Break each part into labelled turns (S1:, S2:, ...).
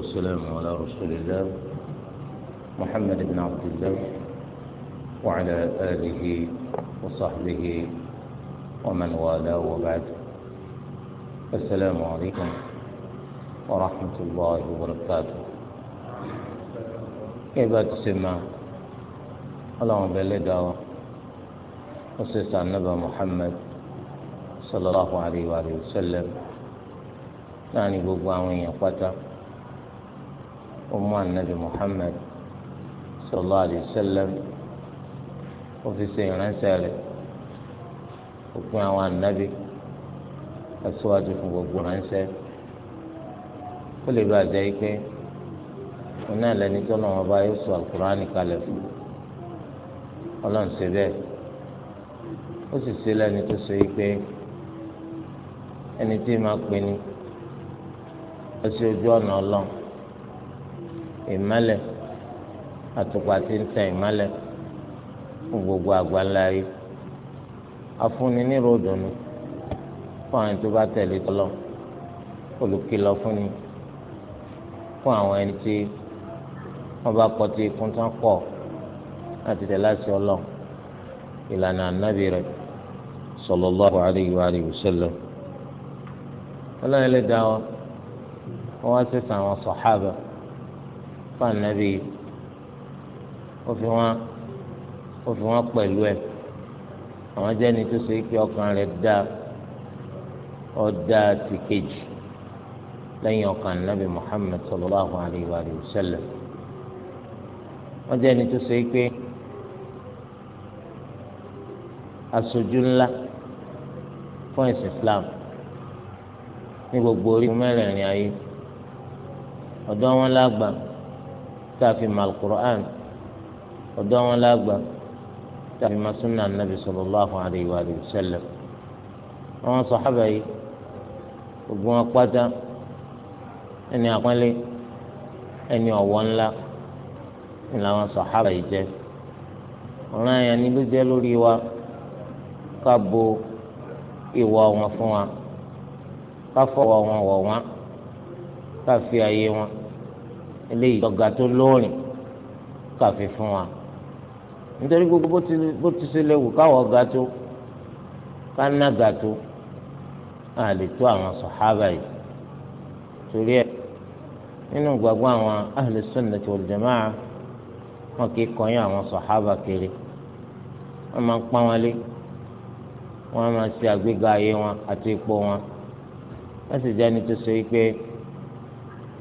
S1: والسلام على رسول الله محمد بن عبد الله وعلى آله وصحبه ومن والاه وبعد السلام عليكم ورحمة الله وبركاته
S2: كيف تسمى
S1: اللهم بلغ وصيص النبي محمد صلى الله عليه وآله وسلم يعني gbogbo وين èèyàn ọmọ anabi muhammed Sọlọ àdìsẹlẹm ọfíìsì ìránṣẹ́ òpin àwọn anabi aṣíwájú gbogbo ránṣẹ́ ó lè bàjẹ́ pé oní àlẹni tó lọ́wọ́ ọba yóò sọ àkùránì kalẹ̀ fún ọlọ́run ṣe bẹ́ẹ̀ ó sì ṣe tó ma pè ní ẹ ojú ọ̀nà ìmọ́lẹ̀ àtùpà tí ń tẹ ìmọ́lẹ̀ fún gbogbo àgbáńlá yìí afúnni ní ròdùnú fún àwọn tó bá tẹ̀lé tọ́lọ́ olùkìlọ̀ fúnni fún àwọn ẹni tí wọ́n bá kọ́ tí ikú tán pọ̀ láti tẹ̀ láti ọlọ́run ìlànà ànábì rẹ̀ sallallahu alaihi wa alihi wasallam ọlọ́run ẹlẹ́dàá wọn wá sẹ́sẹ̀ àwọn sàhábà fànàbí ó fi wọn ó fi wọn pẹ̀lú ẹ̀ àwọn jẹ́ni tó so ike ọkàn rẹ̀ dá ọ̀dà ti kejì lẹ́yìn ọkàn nàbì Muhammad sallallahu alayhi wa sallam wọ́n jẹ́ni tó so ike aṣojú ńlá fún ẹ̀sìn Islam ní gbogbo orí mẹ́rẹ̀ẹ̀rin ayé ọ̀dọ́ wọn lágbàá tààfi ma alukur'an ọ̀dọ̀ wọn lágbà tààfi ma sunna anabi sallallahu alayhi wa sallam àwọn sọ̀hábà yìí gbogbo wọn pátá ẹni àpọ́nlé ẹni ọ̀wọ́ ńlá ni làwọn sọ̀hábà yìí jẹ́ ọ̀ràn àyàn ni ló jẹ́ lórí wa ká bo ìwà wọn fún wa ká fọwọ́ wọn wọ̀ wọn ká fi àyè wọn eléyìí tọ́ga tó lóòrìn kàfi fún wa nítorí gbogbo bó ti ṣe léwu káwọ́ ga tó ká ná ga tó a lè tó àwọn sàhábà yìí torí ẹ nínú gbàgbọ́ àwọn ahlu sunnati wal jamaa wọn kì í kọyìn àwọn sàhábà kiri wọn máa ń pọ́n wọn lé wọn máa ṣe àgbéga ayé wọn àti ipò wọn wọn sì jẹ́ ẹni tó ṣe wípé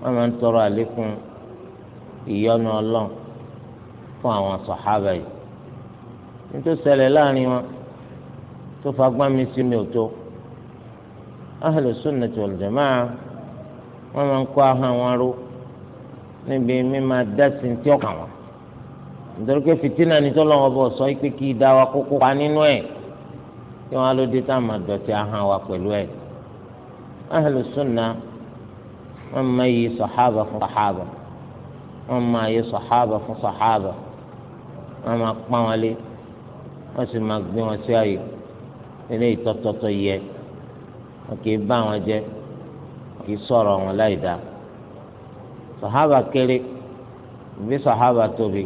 S1: wọn máa ń tọrọ àlékún. ìyọ́nú ọlọ́run fún àwọn sọ̀hábà yìí nítorí ṣẹlẹ̀ láàrin wọn tó fagbọ́n mi sí mi ò tó ahlu sunnati wal máa ń ahọ́n wọn ró níbi mímá tí ọkàn wọn nítorí pé fìtínà lọ́wọ́ bọ̀ sọ pé kí wa kókó nínú ẹ̀ kí ló dé a ahọ́n wa pẹ̀lú ẹ̀ wọn máa yọ sàhábà fún sàhábà wọn máa pọ́n wọn lé wọn sì máa gbé wọn sí ààyè yẹ wọn kì í jẹ wọn kì í sọ̀rọ̀ wọn láì dá sàhábà kéré ìbí tóbi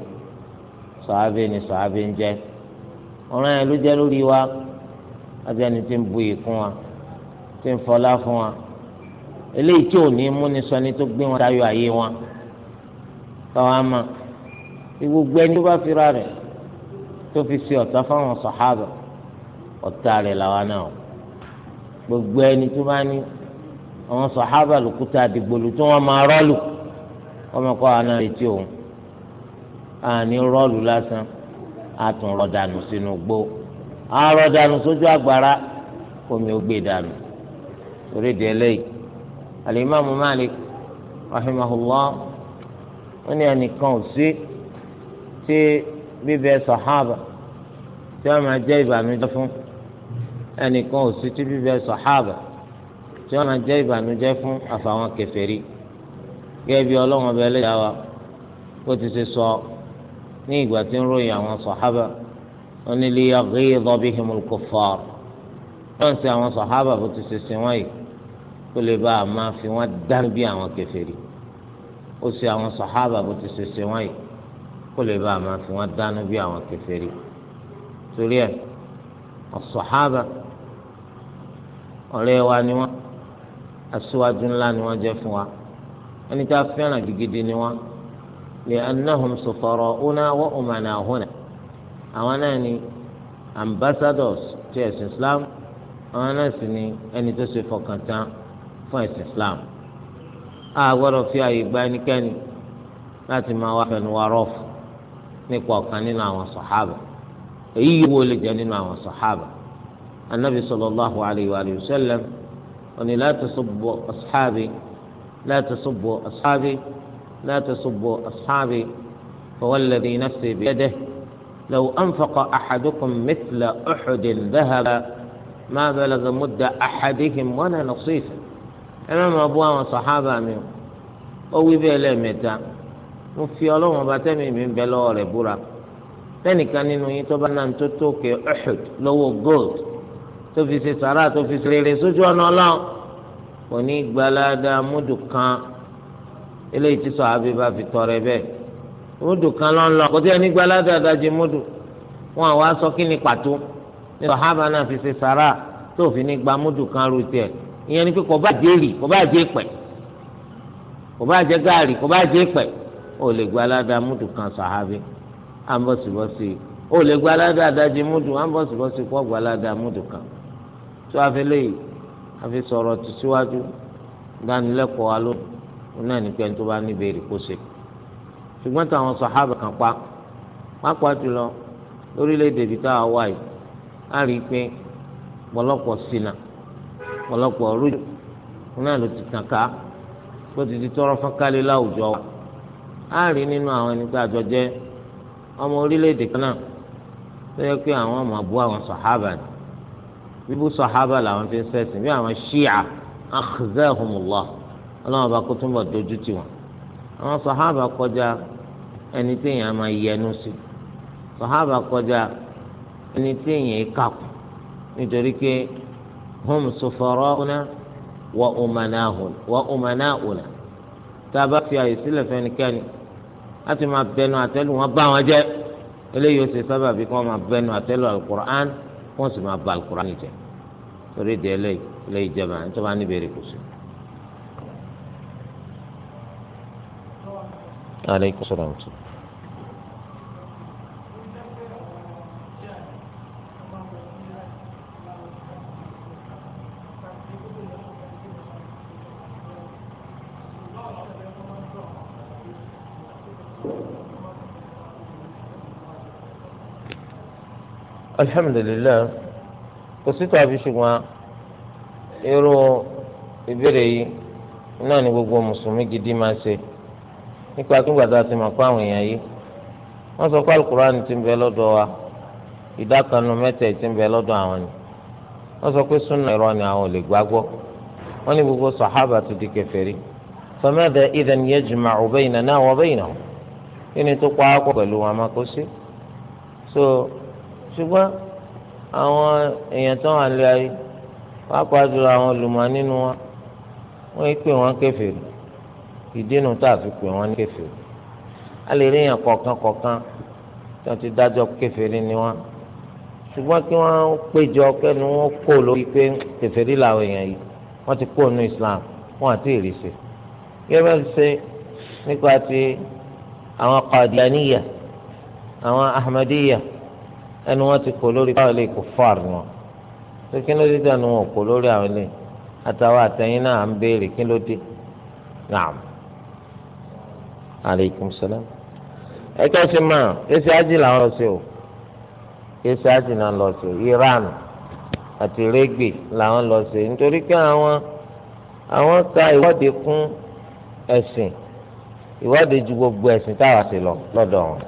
S1: ni sàhábà ń jẹ ọ̀ràn yẹn ló jẹ́ wa tí ń bu ìkún wa tí ń fọlá fún wa eléyìí tí ò ní sọ wọn wọn. tọ́wọ́ ama gbogbo ẹni tó bá fira rẹ̀ tó fi ṣe ọ̀tá fáwọn sàhábà ọ̀tá rẹ̀ làwa náà gbogbo ẹni tó bá ní àwọn sàhábà lòkúta àdìgbòlù tó wọn máa rọ́ọ̀lù ọmọ kọ́ àná létí òun àní rọ́ọ̀lù lásán àtún rọ̀dànù sínú gbó àrọ̀dànù sójú àgbàrá omi ó gbé dànù orí ìdí ẹlẹ́yìí al Malik wọ́n ní ẹnìkan ò sí tí bíbẹ sọ̀hábà tí wọ́n máa jẹ́ ìbànújẹ́ fún ẹnìkan ò sí tí bíbẹ sọ̀hábà tí wọ́n máa jẹ́ ìbànújẹ́ fún àfàwọn kèfèrí gẹ́gẹ́ bí ọlọ́run ọbẹ̀ lẹ́yà wa ó ti ṣe sọ ní ìgbà tí ń ròyìn àwọn sọ̀hábà wọ́n ní lè yaghidha bihimul kuffar lọ́n sí àwọn sọ̀hábà bó ti ṣe sin wọ́n yìí kó lè bá a máa fi wọ́n dárí bí àwọn kèfèrí ó ṣe àwọn sàhábà bó ti ṣe ṣe wọ́n yìí kó lè bá a máa fi wọ́n dáná bí àwọn kèfèrí torí ẹ̀ ọ̀sàhábà ọ̀rẹ́ wa ni wọ́n aṣíwájú ńlá ni wọ́n jẹ́ fún wa ẹni tá a fẹ́ràn gidigidi ni wọ́n lè anáhùn sọ̀fọ̀rọ̀ ọ̀nà wọ́n ọ̀màna ọ̀húnà àwọn náà ni ambassadors ti ẹ̀sìn Islam àwọn náà sì ni ẹni tó ṣe fọkàn fún ẹ̀sìn Islam. a gbọ́dọ̀ fi àyè gba ẹnikẹ́ni láti máa wá fẹnu wa rọ́ọ̀fù nípa ọ̀kan nínú àwọn sọ̀hábà èyí yìí wo lè jẹ́ nínú àwọn sọ̀hábà anabi sallallahu alayhi wa sẹ́lẹ̀m oní láti la tasubbu ashabi la tasubbu ashabi la tasubbu ashabi fawalladhi nafsi ẹ̀dẹ́ lọ́wọ́ anfaqa ahadukum mẹ́tìlá uhudin dhahaba ma balagha mudda ahadihim mọ́nà nasifa. ẹ má máa bú àwọn sàhábà mi ó wí bẹ́ẹ̀ lẹ́ẹ̀mẹ́ta mo fi ọlọ́run ọba tẹ́mi mi ń bẹ lọ́wọ́ rẹ̀ búra tẹ́nìkan nínú yín tó bá náà tó tó kẹ Uhud lọ́wọ́ gold tó fi ṣe sàrà tó fi ṣe rere sójú ọ̀nà ọlọ́run kò ní gbalada múdù kan eléyìí tí sọ àbí bá fi tọrẹ bẹ́ẹ̀ múdù kan lọ́n kò tí ẹni gbalada adájí múdù wọn àwa sọ kí ni pàtó ní sàhábà náà fi ṣe sàrà tó fi ní gba múdù kan rú tiẹ̀ ìyẹn ni pé kò bá jẹ́ rì kò bá jẹ́ pẹ̀ kò bá jẹ́ gaari kò bá jẹ́ pẹ̀ ó lè gba aládàá mútu kan sàhábì á ń bọ̀sibọ̀si ó lè gba aládàá adájí mútu á ń bọ̀sibọ̀si kó gba aládàá mútu kan tó a fi léyìí a fi sọ̀rọ̀ tó síwájú dánilẹ́kọ̀ọ́ wa ló náà ní pé tó bá níbi èrè kó ṣe ṣùgbọ́n táwọn sàhábà kan pa pápá jùlọ lórílẹ̀‐èdè ibi táwa wà yìí á rí i pé pọ̀lọpọ̀ sí náà. ọ̀pọ̀lọpọ̀ ọrụ náà ló ti tàn ká ti di tọrọ láwùjọ wa rí nínú àwọn ẹni pé ọmọ orílẹ̀-èdè kan náà tó yẹ àwọn ọmọ àbú àwọn sọ̀hábà ni bíbú sọ̀hábà làwọn fi ń sẹ́sìn bí àwọn ṣíà ọlọ́run ọba kó túnbọ̀ dojú tì wọ́n àwọn sọ̀hábà kọjá ẹni tí èèyàn máa yẹnu sí hum sufarauna wa umanahun wa umanauna tá a bá fi àyè sílẹ̀ fẹ́nikẹ́ni láti máa bẹnu àtẹ́lù wọn bá wọn jẹ́ eléyìí ó ṣe sábà bí kí wọ́n máa bẹnu àtẹ́lù alukur'an kí wọ́n sì máa ba alukur'an jẹ́ torí di eléyìí eléyìí jẹba ní tó bá ní ìbéèrè kò sí. aleykum salaam. alhamdulilayi kò irú ìbéèrè yìí náà ni gbogbo mùsùlùmí gidi máa ṣe nípa ti àwọn èèyàn yìí wọ́n sọ pé ti ń bẹ lọ́dọ̀ wa mẹ́tẹ̀ ti ń bẹ lọ́dọ̀ àwọn ni sọ pé ni àwọn ò wọ́n gbogbo sàhábà tó di ni ṣùgbọ́n àwọn èèyàn tó wà lé ayé wọ́n pa jùlọ àwọn olùmọ̀ nínú wọn wọ́n yí pé wọ́n kèfèrí ìdínú tá a fi pè wọ́n ní kèfèrí a lè rí èèyàn kọ̀ọ̀kan kọ̀ọ̀kan tí wọ́n ti dájọ́ kèfèrí ni wọ́n ṣùgbọ́n kí wọ́n péjọ kẹ́nu wọn kó lórí pé kèfèrí làwọn èèyàn yìí wọ́n ti kó nu Islam wọ́n àti ìrìsè gẹ́gẹ́ bí ṣe nípa ti àwọn Qadiyaniyya àwọn Ahmadiyya ẹnu wọn ti kò lórí báwọn lè kó fáàr wọn pé kí ló dé dànù wọn kò lórí àwọn lè àtàwọn àtẹ̀yìn náà à ń béèrè kí ló dé naam aleykum salaam ẹ kẹ́sì máa kẹ́sì ájì là ń lọ sí o kẹ́sì ájì là ń lọ sí iran àti rẹ́gbẹ̀ là lọ sí nítorí pé àwọn àwọn ka ìwọ́de kún ẹ̀sìn ìwọ́de ju gbogbo ẹ̀sìn táwa sí lọ lọ́dọ̀ wọn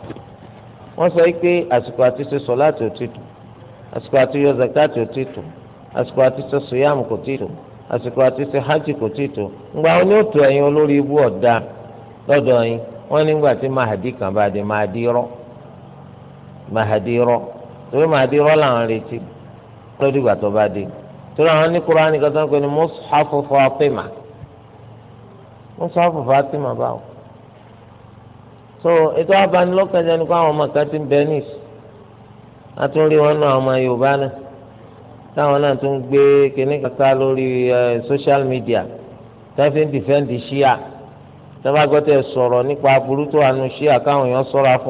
S1: wọ́n sọ pé àsìkò àti ṣe sọ̀láàtì ò ti tó àsìkò àti yọ zakati ò ti tó àsìkò àti ṣe sùyàmù kò ti tó àsìkò àti ṣe hajj kò ti tó ńgbà wọn ni ó tó ẹ̀yin olórí ibú ọ̀dà lọ́dọ̀ yín wọ́n nígbà tí mahadi kan bá dé mahadi rọ́ mahadi rọ́ torí mahadi rọ́ làwọn retí lọ́dún ìgbà tó bá dé torí àwọn ní kúránì kan tó ń pè ní mùsùlùmí Fatima mùsùlùmí Fatima báwo. so ètò abanilọ́kànjẹ́ ni kó àwọn ọmọ kan ti àtúndì wọn náà ọmọ Yorùbá náà táwọn náà tún gbé kàkà lórí social media tẹ́fí dìfẹ́ǹdì ṣíà tẹ́fà gbọ́tẹ̀ sọ̀rọ̀ nípa aburú tó wà ṣíà káwọn èèyàn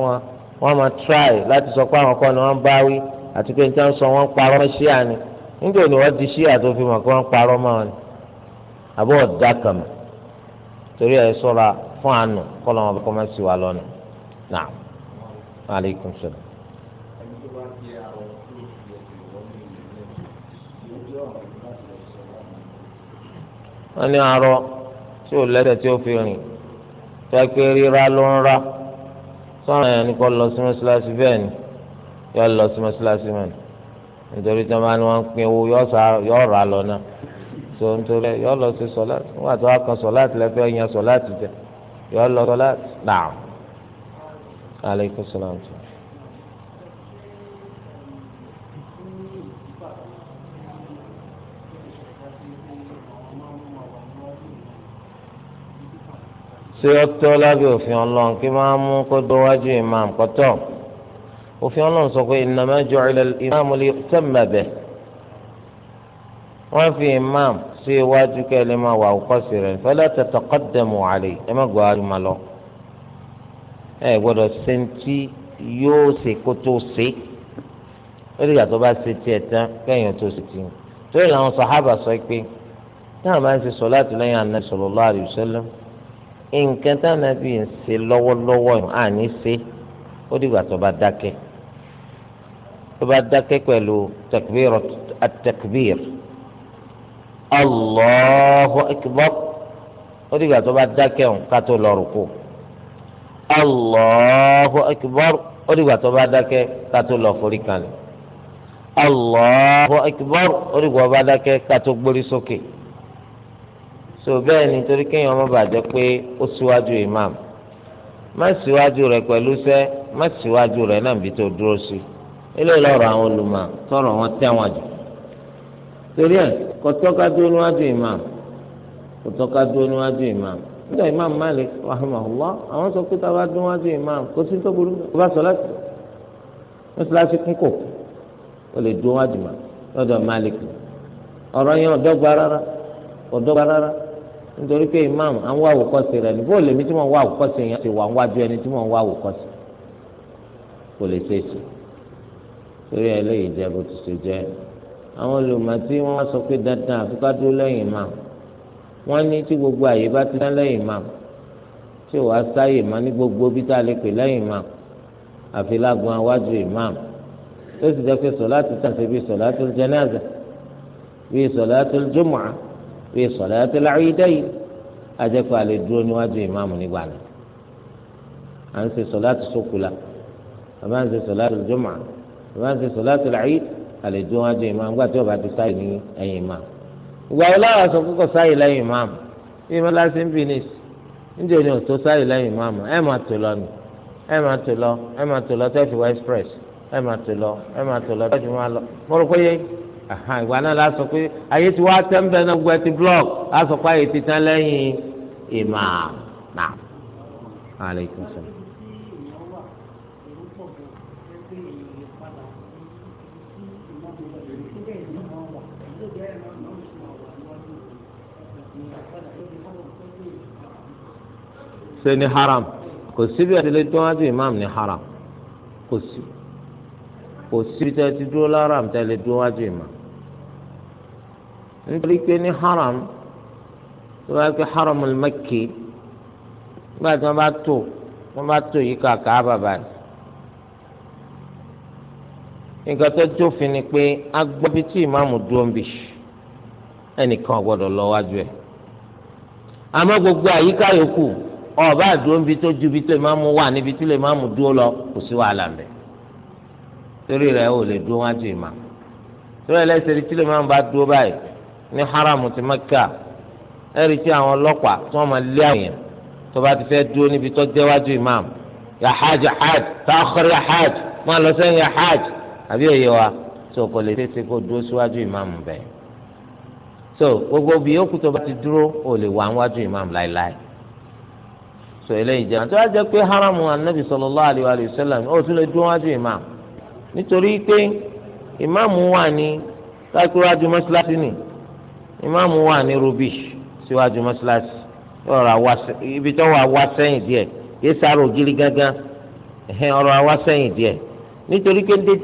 S1: wa wọ́n máa try sọ pé àwọn kan ni wọ́n bá wí àti pé níta ń sọ wọ́n parọ́ mọ́ ṣíà ni nígbà òní wọ́n di ṣíà tó fi mọ̀ pé wọ́n ni fún àánú kọlọ wọn kọ máa sì wá lọnà náà aleykum salaam.
S2: wọ́n ní arọ tí ò lẹ́sẹ̀ tí ó fi rìn
S1: tó ẹ pé rírà ló ń rà sọ́run yẹn ni kò lọ sí mọ́ṣáláṣí bẹ́ẹ̀ ni yọ lọ sí mọ́ṣáláṣí mọ́ ni nítorí tí wọ́n bá ní wọ́n pín owó yọ rà lọ náà tó nítorí yọ lọ sí sọ́láàtì wọ́n àti wọ́n kan sọ́láàtì lẹ́fẹ̀ẹ́ yan sọ́láàtì jẹ́ yọ lọ sọlá naam aleykum salaam. ṣé ó tọ́ lábẹ́ òfin ọlọ́run kí máa mú kó dọ́wájú ìmáàmù kọ́tọ̀ òfin ọlọ́run sọ pé innama ju'ila al-imamu li yu'tamma bihi wọ́n fi imam sí iwájú kẹ́lẹ́ máa wà òkọ́sí rẹ̀ fala tataqaddamu alayhi ẹ má gbọ́ àrùmá lọ. ẹ gbọ́dọ̀ sẹ́ńtì yóò ṣe kó tó ṣe ó lè yàtọ̀ bá ṣe tiẹ̀ tán kẹ́yìn tó ṣe tiẹ̀ torí làwọn sàhábà sọ pé táwọn máa ń ṣe sọ láti lẹ́yìn Ànábì sallallahu alayhi wa nǹkan táwọn Ànábì ń ṣe lọ́wọ́lọ́wọ́ àní ṣe ó dìgbà tó bá dákẹ́ tó bá dákẹ́ pẹ̀lú takbir at Allahu akbar ó dìgbà tó bá dákẹ́ ká tó lọ rùkú Allahu akbar ó dìgbà tó bá dákẹ́ ká tó lọ forí kanlẹ̀ Allahu akbar tó sókè so bẹ́ẹ̀ ni torí kéèyàn ọmọ bàjẹ́ pé ó síwájú imam má síwájú pẹ̀lú sẹ́ má síwájú rẹ̀ náà bí tó dúró sí ilé ìlọrọ àwọn olùmọ̀ tọrọ wọn tẹ́wọ̀n kọtọ́ka dúró níwájú imam kọtọ́ka dúró níwájú imam imam malik rahimahullah àwọn sọ pé dúró níwájú imam kò sí tó burú kó bá sọ láti mọ́sálásí kún ó lè dúró níwájú imam lọ́dọ̀ malik ọrọ yẹn ọ̀dọ́gba rárá ọ̀dọ́gba rárá nítorí pé imam àwọn wá àwòkọ́sí rẹ̀ ní bóòlù tí wọ́n wá àwòkọ́sí yẹn ti wà ẹni tí wá kò àwọn olùmọ̀tí wọn sọ pé dandan àfi lẹ́yìn imam wọn ní tí gbogbo àyè bá ti dá lẹ́yìn imam tí ò wá sáyè má ní gbogbo bí tá a lè pè lẹ́yìn imam àfi lágun awájú imam tó sì jẹ́ pé sọ̀láàtì tàn sí bí sọ̀láàtì jẹ́nàzà bí sọ̀láàtì jùmọ̀à bí sọ̀láàtì láyídáyì ajẹ́pẹ́ àlè dúró níwájú imam nígbà náà à ń ṣe sọ̀láàtì sókùlà àbá ń ṣe sọ̀láàtì jùmọ̀à àbá ń ṣe sọ̀láàtì láyídáyì àlejò wọn ju ìmáàmù nígbà tí ọba ti sáyè ní ẹ̀yìn ìmáàmù ìgbà wo láwọn sọ kókò sáyè lẹ́yìn ìmáàmù bí mo lásì ń bìnís níjẹ́ ni òtó sáyè lẹ́yìn ìmáàmù ẹ̀ máa tó lọ ni ẹ̀ máa tó lọ ẹ̀ máa tó lọ tẹ́fì wá express ẹ̀ máa tó lọ ẹ̀ máa tó lọ tẹ́fì máa lọ mo rò pé yẹ ìgbà náà la sọ pé ayé ti wá tẹ́ńbẹ́ náà gbẹ ti blọọk a sọ pé ayé ti tán lẹ́yìn ìmáàmù náà. ṣe ní haram kò síbi àtìlẹ́ tí wọ́n á ti imam ní haram kò sí kò síbi tẹ́ ti dúró láram tẹ́ lè dúró wájú imam nítorí pé ní haram tó bá pé haram al-Makki nígbà tí wọ́n bá tó wọ́n bá tó yìí kàkà bàbá rẹ̀ nǹkan tó jófin ni pé agbọ́bí tí ìmáàmù dúró ń bì ẹnìkan ò lọ wájú ẹ̀ àmọ́ gbogbo àyíká yòókù ọba àdúró níbi tó ju ibi tó ìmáàmù wà níbi tó lè máàmù dúró lọ kò sí wàhálà mbẹ torí rẹ̀ ò lè dúró wájú ìmà torí ẹ lẹsẹ tí lè máàmù bá dúró báyìí ní haramu ti Mẹ́kà ẹ rí tí àwọn ọlọ́pàá tí wọ́n máa lé àwọn yẹn tó bá ti fẹ́ dúró níbi tó jẹ́ wájú ìmáàmù ya hajj hajj ta'khir ya hajj máa lọ sẹ́yìn ya hajj àbí òye wa tó kò lè tètè kó dúró síwájú ìmáàmù bẹ́ẹ̀ so gbogbo bí yókù tó bá ti dúró ò lè wà níwájú ìmáàmù láéláé. sọ eléyìí jẹ́ àti wá jẹ́ pé haram anabi sallallahu alaihi wa ó tún lè imam nítorí pé imam wà ní sákúrájú mọ́ṣáláṣí ni imam wà ní rubish síwájú mọ́ṣáláṣí ibi tó wà wá sẹ́yìn díẹ̀ yé sáré ògiri gángan ọ̀rọ̀ àwa sẹ́yìn díẹ̀ nítorí pé gba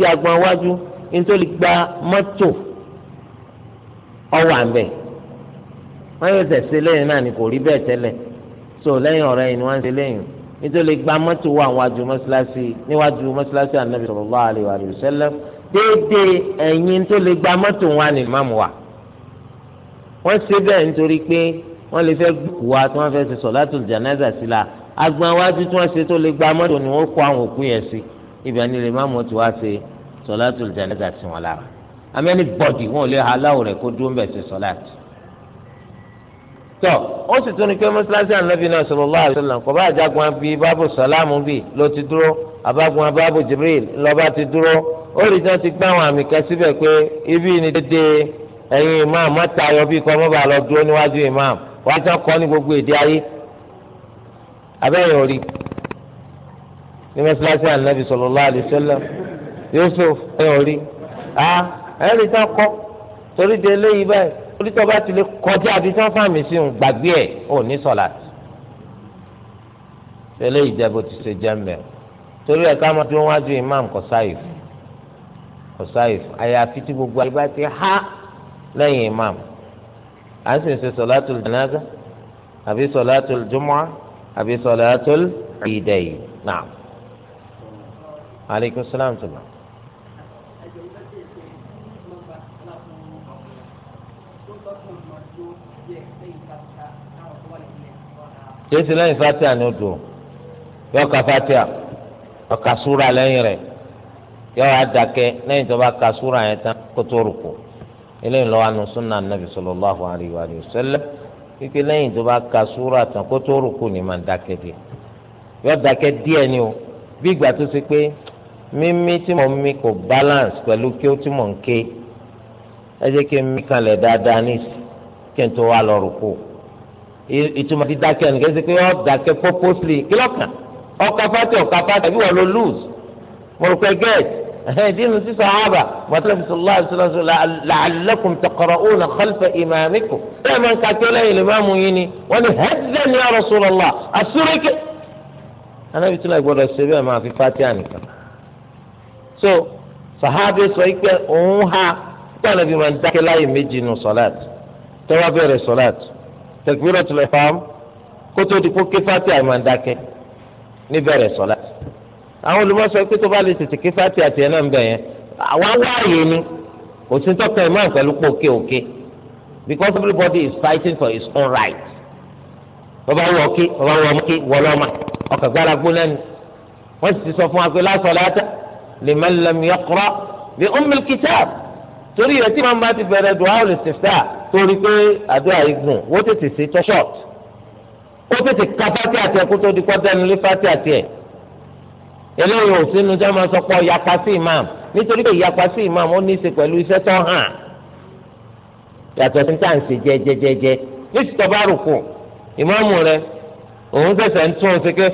S1: yóò náà ni kò so lẹ́yìn ọ̀rẹ́ yìí ni wọ́n ń ṣe lẹ́yìn nítorí gba mọ́tò wà wájú mọ́ṣáláṣí níwájú mọ́ṣáláṣí ànábì sallallahu alaihi wa sallam déédéé ẹ̀yìn tó lè gba mọ́tò wà ní ìmáàmù wa wọ́n ṣe bẹ́ẹ̀ nítorí pé wọ́n lè fẹ́ gbùkù wa tí wọ́n fẹ́ ṣe sọ̀látùl jánásà sí la agbọn wájú tí wọ́n ṣe tó lè gba mọ́tò ni wọ́n kó àwọn òkú yẹn sí ibẹ̀ ni lè máàmù ti wá ṣe sọ̀látùl jánásà sí wọn tọ ó sì tún ní pé mọ́sálásí ànábì náà sallallahu alaihi wasallam kò bá àjàgùn àbí bábù sàlámù bì ló ti dúró àbágun abábù jibril lọ́ba ti dúró ó rí jẹ́ ti gbá àwọn àmì kan síbẹ̀ pé ibi ni dédé ẹ̀yin imam mọ́ta ayọ̀ bíi kọ́ mọ́ba lọ dúró níwájú imam wọ́n ti kọ́ ní gbogbo èdè ayé abẹ́yẹ̀ orí ní mọ́sálásí ànábì sallallahu alaihi wasallam Yusuf onítọ̀ bá ti lè kọjá àbí tí wọ́n fàmì sí òun gbàgbé ẹ̀ ò ní sọ̀lá tì fẹlẹ́ ìjẹ́bù ti ṣe jẹ́ mẹ́ torí ẹ̀ ká mọ̀ tí wọ́n wájú imam kọ̀sáyìf kọ̀sáyìf àyàfi tí gbogbo ayé bá ti há lẹ́yìn imam à ń sì ń ṣe sọ̀látùl janaza àbí sọ̀látùl jumu'a àbí sọ̀látùl ìdẹ̀yì náà. aleykum salaam tó náà.
S2: jésù lẹ́yìn fatia ni ó dùn yọ ka fatia yọ ka súra lẹ́yìn
S1: rẹ̀ yọ dake lẹ́yìn tó bá ka súra yẹn tán kó tó rùkú eléyìí lọ́wọ́ anu sunna anabi sallallahu alayhi wa sallam pípé lẹ́yìn tó bá ka súra tán kó tó ni mà dake di yọ díẹ̀ ni o bí ìgbà tó ṣe pé mímí tí mo balance pẹ̀lú kí ó tí mo ń ké ẹ jẹ́ kí n mí ìtumọ̀ ti dákẹ́ nìkan ṣe pé ọ́ dákẹ́ purposely kílọ̀kàn ọkà fati ọkà fati àbí wọ́n ló lose mo rò pé gẹ́ẹ̀t dínú sísọ ààbà mọ̀tàlẹ́bí sọlá àṣìṣọ́lá làálẹ́kùn tọkọrọ òun àkọlùfẹ́ ìmàmíkù bẹ́ẹ̀ máa ń ka kí ọlẹ́yìn lè máa mú yín ni wọ́n ní hẹ́dẹ́ ni ọ̀rọ̀ sọ̀rọ̀ anábì tí láì gbọdọ̀ ṣe bẹ́ẹ̀ máa fi fati ànìkan. so sahabi sọ pé òun ha tí ànábì máa ń dákẹ́ láyè méjì nù sọ̀láàtì tẹ́wọ́ bẹ̀rẹ̀ sọ̀láàtì tẹkbírọ̀ tó lè fa kótó ti kó kéfàtì àmàdàkẹ́ níbẹ̀rẹ̀ sọ̀lá àwọn olùmọ̀sọ pé tó bá lè tètè kéfàtì àti ẹ̀ náà ń bẹ̀ yẹn àwa wáàyè ni òsín tọ́ka imam pẹ̀lú pé òkè òkè because everybody is fighting for his own right bàbá wọ ọkẹ bàbá wọ ọmọkẹ wọlọ́mà ọkà gbára gbóná ni wọ́n sì ti sọ fún wa pé la salata liman lam yaqra bi ummil kitab torí rẹ̀ tí màá bá ti bẹ̀rẹ̀ dùn áwòlì sèfà torí pé àdúrà yìí gùn wọ́n tètè ṣe tó short ó tètè ka fati àti ẹ̀kú tó di kọ́dẹ́nu lé fati àti ẹ̀ eléyìí ò sínú jẹ́ máa sọ pé ìyapa sí imam nítorí pé ìyapa sí imam ó ní í ṣe pẹ̀lú iṣẹ́ tó hàn yàtọ̀ sí táǹsì jẹjẹjẹjẹ ní ti tọ́ba rùkù ìmáàmù rẹ òun fẹsẹ̀ ń tún un ṣe pé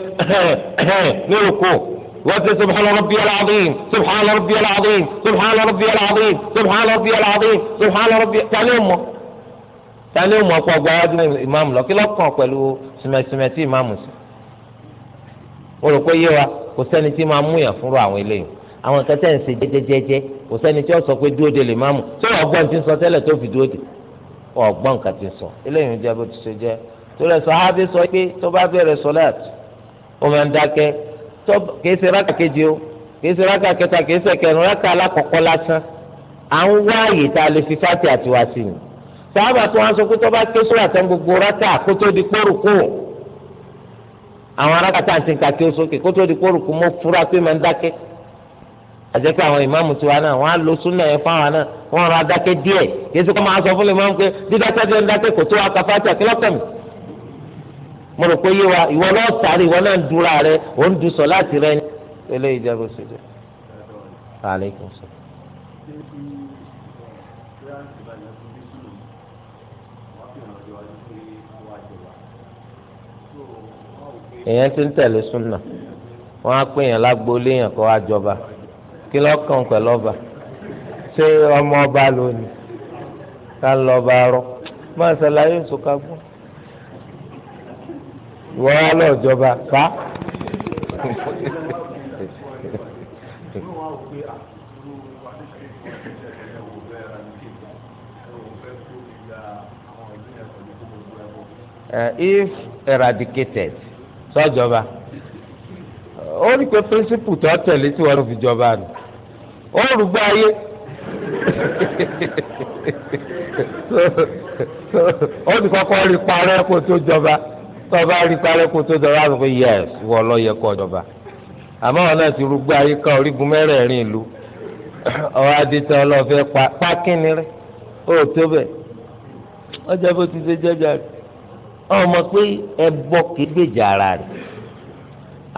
S2: ní rùkù. وقت سبحان ربي العظيم سبحان ربي العظيم سبحان ربي العظيم سبحان ربي العظيم سبحان ربي tani ó mọ̀
S1: tani ó mọ̀ ọkọ ọgbà wájú ìmáàmù lọ kí ló kàn pẹ̀lú sìmẹsìmẹ tí ìmáàmù sí mo rò pé yé wa kò sẹ́ni tí máa mú yàn fúnra àwọn eléyìí àwọn kan tẹ̀ ń ṣe jẹ́jẹ́jẹ́jẹ́ kò sẹ́ni tí ó sọ pé dúró de lè máàmù tí ọgbọ́n ti ń sọ tẹ́lẹ̀ tó fi dúró de ọgbọ́n nǹkan ti ń sọ eléyìí jẹ́ bó ti ṣe jẹ́ torí ẹ̀ sọ hábí sọ pé tó bá bẹ̀rẹ̀ sọ́láàtì ó máa ń dákẹ́ kìí ṣe rákà kejì o kìí ṣe rákà kẹta kìí ṣe kẹrin rákà alákọ̀ọ́kọ́ lásán à ń wá àyè tá a lè fi fáti àti wá sí ni sábà tó wọn sọ pé tó bá ké sórí àtẹ gbogbo rákà kó tó di kórùkù àwọn rákà tá ń ti kí ó sókè kó tó di kórùkù mo fura pé máa ń dákẹ́ àti pé àwọn ìmáàmù tiwa náà wọn á lo súnà yẹn fáwọn náà wọn ra dákẹ́ díẹ̀ kìí ṣe kó máa sọ fún lè máa ń pé dídákẹ́ díẹ̀ ń dákẹ́ kò tó wa kà fáti àkílọ́kọ̀ mi
S2: mo rò pé yé wa ìwọ náà sáré
S1: ìwọ náà ń dúra rẹ ò ń du láti rẹ ní. eléyìí jẹ́ bó ṣe jẹ́. aleykum salaam. èèyàn ti ń tẹ̀lé súnà wọ́n á pè yàn lágbólé yàn kó wá kí lọ́kàn pẹ̀lú ọba ṣé ọmọ ọba lónìí ká lọ́ba rọ máa ṣàlàyé ìṣòkà gbọ́ ìwọ wa lọ jọba fa. Uh, if eradicated sọjọba
S2: ó ní pé píríncípù tó tẹ̀lé tí wọ́n fi jọba nù ó rúgbọ́ ayé ó ní kọ́kọ́ rí parẹ́ kó tó jọba
S1: tó bá rí parẹ́ kó tó dọ̀rọ̀ àti pé yẹs wọ́n lọ yẹ kó ọjọba àmọ́ wọn náà ti rúgbó ayé kan orígun mẹ́rẹ̀ẹ̀rin ìlú ọ̀rọ̀ adìtẹ̀ ọlọ́fẹ́ pa kíni rẹ̀ ó tó bẹ̀ ọjà bó ti ṣe jẹjà rẹ̀ ọmọ pé ẹbọ kì í gbèjà ara rẹ̀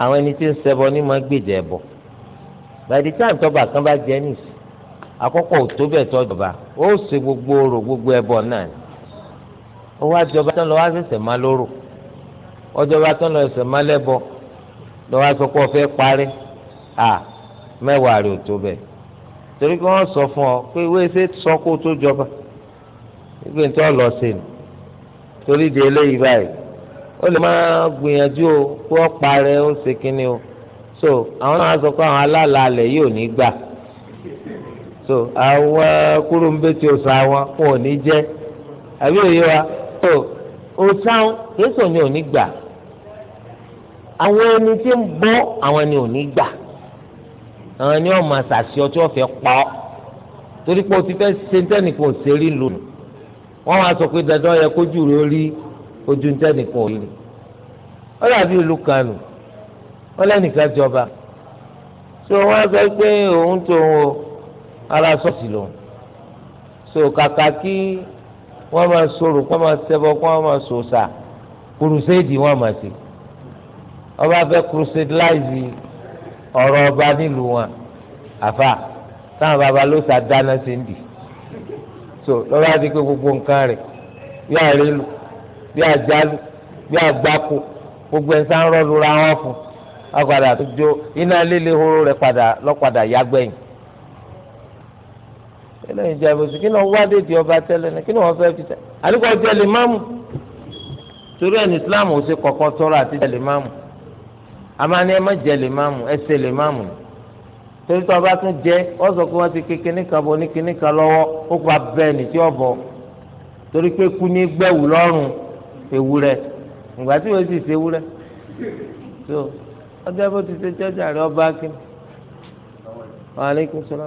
S1: àwọn ẹni tí ń ṣẹbọ ní máa gbèjà ẹbọ bàdí táà tọ́ba kan bá jẹ́ nìsí àkọ́kọ́ ò tó bẹ̀ tọ́jọba ó ṣe gbogbo orò gbogbo ẹbọ náà ni ó wá jọba tán lọ wá ṣẹ̀ṣẹ̀ máa lóró ọjọ́ bá tán lọ ẹsẹ̀ mọ́lẹ́bọ lọ́wọ́ aṣọ pé ọ̀fẹ́ parí à mẹ́wàá rẹ̀ ò tó bẹ̀ torí pé wọ́n sọ fún ọ pé ìwé ṣe sọ kó tó jọba ìgbé ní tó lọ sí ni torí di eléyìí báyìí ó lè má gbìyànjú o kó ọ parẹ́ ó ṣe kínní o so àwọn náà sọ pé àwọn alálàálẹ̀ yìí ò ní gbà so àwọn kúrò ń bẹ́tì òsà wọn kò ní jẹ́ àbí òye wa so òsàn kí èso ni ò ní gbà àwọn ẹni tí ń bọ́ àwọn ẹni ò ní gbà àwọn ẹni ọmọ àṣàṣì ọtí ọ̀fẹ́ pa ọ́ torí pé o ti fẹ́ ṣe tẹ́nìkan ò ṣe lónìí wọ́n wá sọ pé dandan yẹ kójú rẹ rí ojú tẹ́nìkan ò ó dàbí ìlú kanu ó lẹ́nìkan jọba tí wọ́n sọ pé òun tó ń ara sọ́ọ̀sì lòun so kàkà kí wọ́n máa sọ̀rọ̀ kó máa ṣẹbọ kó máa sòòṣà kùrùsẹ́ẹ̀dì wọ́n máa ṣe ọba fẹ́ crusadiláìsì ọ̀rọ̀ ọba nílùú wọn àfà táwọn baba ló sá dáná sí ń bì so lọ́ba ti pé gbogbo nǹkan rẹ̀ bí àrélu bí àjálù bí àgbákò gbogbo ẹ̀ ń sáń rọ́ lura wọn fún ọ̀padà tó jó iná líle horo rẹ̀ padà lọ́padà yágbẹ́yìn eléyìí jẹ́ àbòsí kí ni wọ́n wá dédìí ọba tẹ́lẹ̀ ní kí ni wọ́n fẹ́ fi tẹ́ àdúgbò jẹ́ lè máàmù torí ẹ̀ Islam ò ṣe kọ̀kọ́ tọ́rọ̀ àti jẹ́ máàmù àmàní ẹ má jẹ lè má mu ẹsẹ lè má mu torí tó o bá tún jẹ ọ sọ pé wọn ti ké kíní kan bọ ní kíní kan lọ́wọ́ ó pa bẹ́ẹ̀ ní tí ó bọ torí pé kú ní gbẹ̀wù lọ́rùn ewúrẹ́ ìgbà tí wọn sì ṣe ewúrẹ́ tó ọjọ́ bó ti ṣe jọjà rẹ ọba kí. wàhálà ikú sọlá.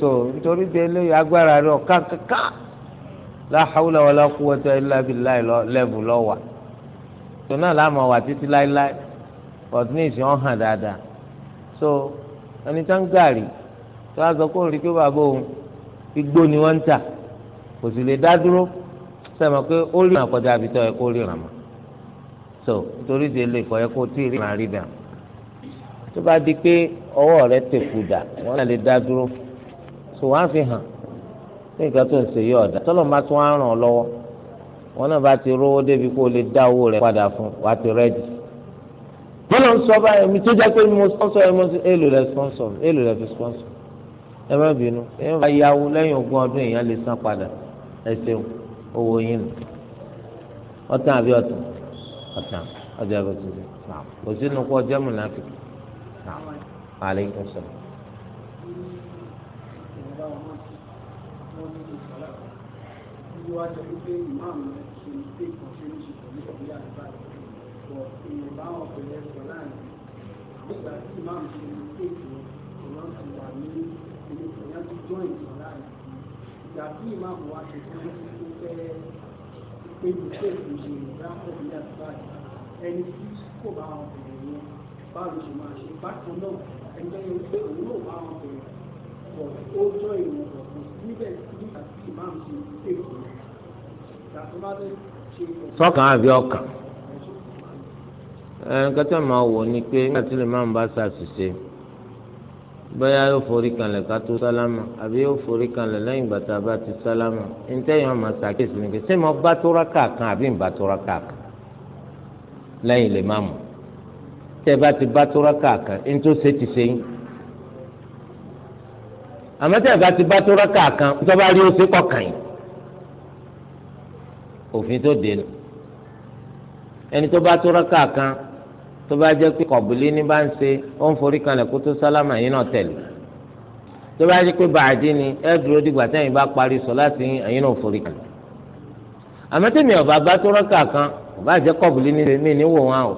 S1: so nítorí de eléyìí agbára rẹ ọ̀kan kankan la hawla wala quwwata illa billahi lẹ́bù lọ́wà tó náà láàmú wà títí láéláé but ní ìsìn ọ̀hàn dáadáa so ẹni tán gàrí tó a sọ kó rí pé bàbá òun igbó ni wọ́n ń tà kò sì lè dá dúró sẹ́mi pé ó rí àkọjá àbí tó kó rí ìrànmọ́ so nítorí de lè kọ́ yẹ kó tí ì rí ìrànmọ́ rí bẹ́ẹ̀ tó bá di pé ọwọ́ rẹ tẹ̀kù dà wọ́n lè dá dúró f sọ wá fi hàn ní nǹkan tó ń ṣe yí ọ̀dà tọ́lọ̀ bá tún á ràn ọ́ lọ́wọ́ wọn náà bá ti rówó débi kó o lè dá owó rẹ padà fún wa ti rẹ́dì bọ́lá ń sọ báyìí mi tó jẹ́ pé mo sponsor ẹ mo ti èlò rẹ sponsor èlò rẹ fi sponsor ẹ má bínú ẹ má yáwó lẹ́yìn ogún ọdún èèyàn lè san padà ẹ ṣeun owó yín nù ọ̀tàn àbí ọ̀tàn ọ̀tàn ọjà ìbọ̀tún kò sínú kó ọjọ́ mùnàfíkì. Alaikum salaam.
S2: tí wàá jẹ wípé ìmáàmù rẹ ṣe ìpè kan ṣe ń ṣe pẹ̀lú ìpínlẹ̀ àgbà pọ̀ èèyàn báwọn pẹ̀lẹ́ sọ láàrin nígbà tí ìmáàmù ṣe ìpè kan ọ̀rọ̀ ti wà ní ilé ìpínlẹ̀ tó jọ ìsọ̀ láàrin ìgbà tí ìmáàmù wa ṣe fún tó fẹ́ pé ìpè kan ṣe ìdáhùn ìpínlẹ̀ àgbà ẹni tí kò bá wọn pẹ̀lẹ́ yẹn báwo ṣe máa ṣe bákan náà ẹgbẹ́ yẹn pé òun náà bá wọn pẹ̀lẹ́ pọ̀ ó jọ ìwọ̀n níbẹ̀ nígbà tí ìmáàmù ṣe ìpè kan sọ́kàn àbí ọkàn
S1: nǹkan tí wọ́n máa wò ni pé nígbà tí lè máa ń bá ṣàṣìṣe bóyá yóò forí kanlẹ̀ ká tó sálámà àbí yóò forí kanlẹ̀ lẹ́yìn ìgbà tá a bá ti sálámà ntẹ́yìn ọmọ sàkíyèsí ni pé sẹ́mi ọba tóra kàkan àbí ìbá tóra kàkan lẹ́yìn lè má mọ̀ tẹ́ bá ti bá tóra kàkan ntó ṣe ti ṣe yín àmọ́ tẹ́ bá ti bá tóra kàkan ntọ́ bá rí ó ṣe kọ̀kan yín òfin tó dé nu ẹni tó bá tó rákà kan tó bá jẹ́ pé kọ̀bùlí ní bá ń ṣe ó ń forí kanlẹ̀ kó tó sálámà yín náà tẹ̀lé tó bá jẹ́ pé bàdí ni ẹ dúró dìgbà tẹ́yìn bá parí sọ láti yín ẹ̀yin náà forí kanlẹ̀ àmọ́tẹ́mi ọ̀bá bá tó rákà kan ọ̀bá jẹ́ kọ̀bùlí ní èmi níwò wọn o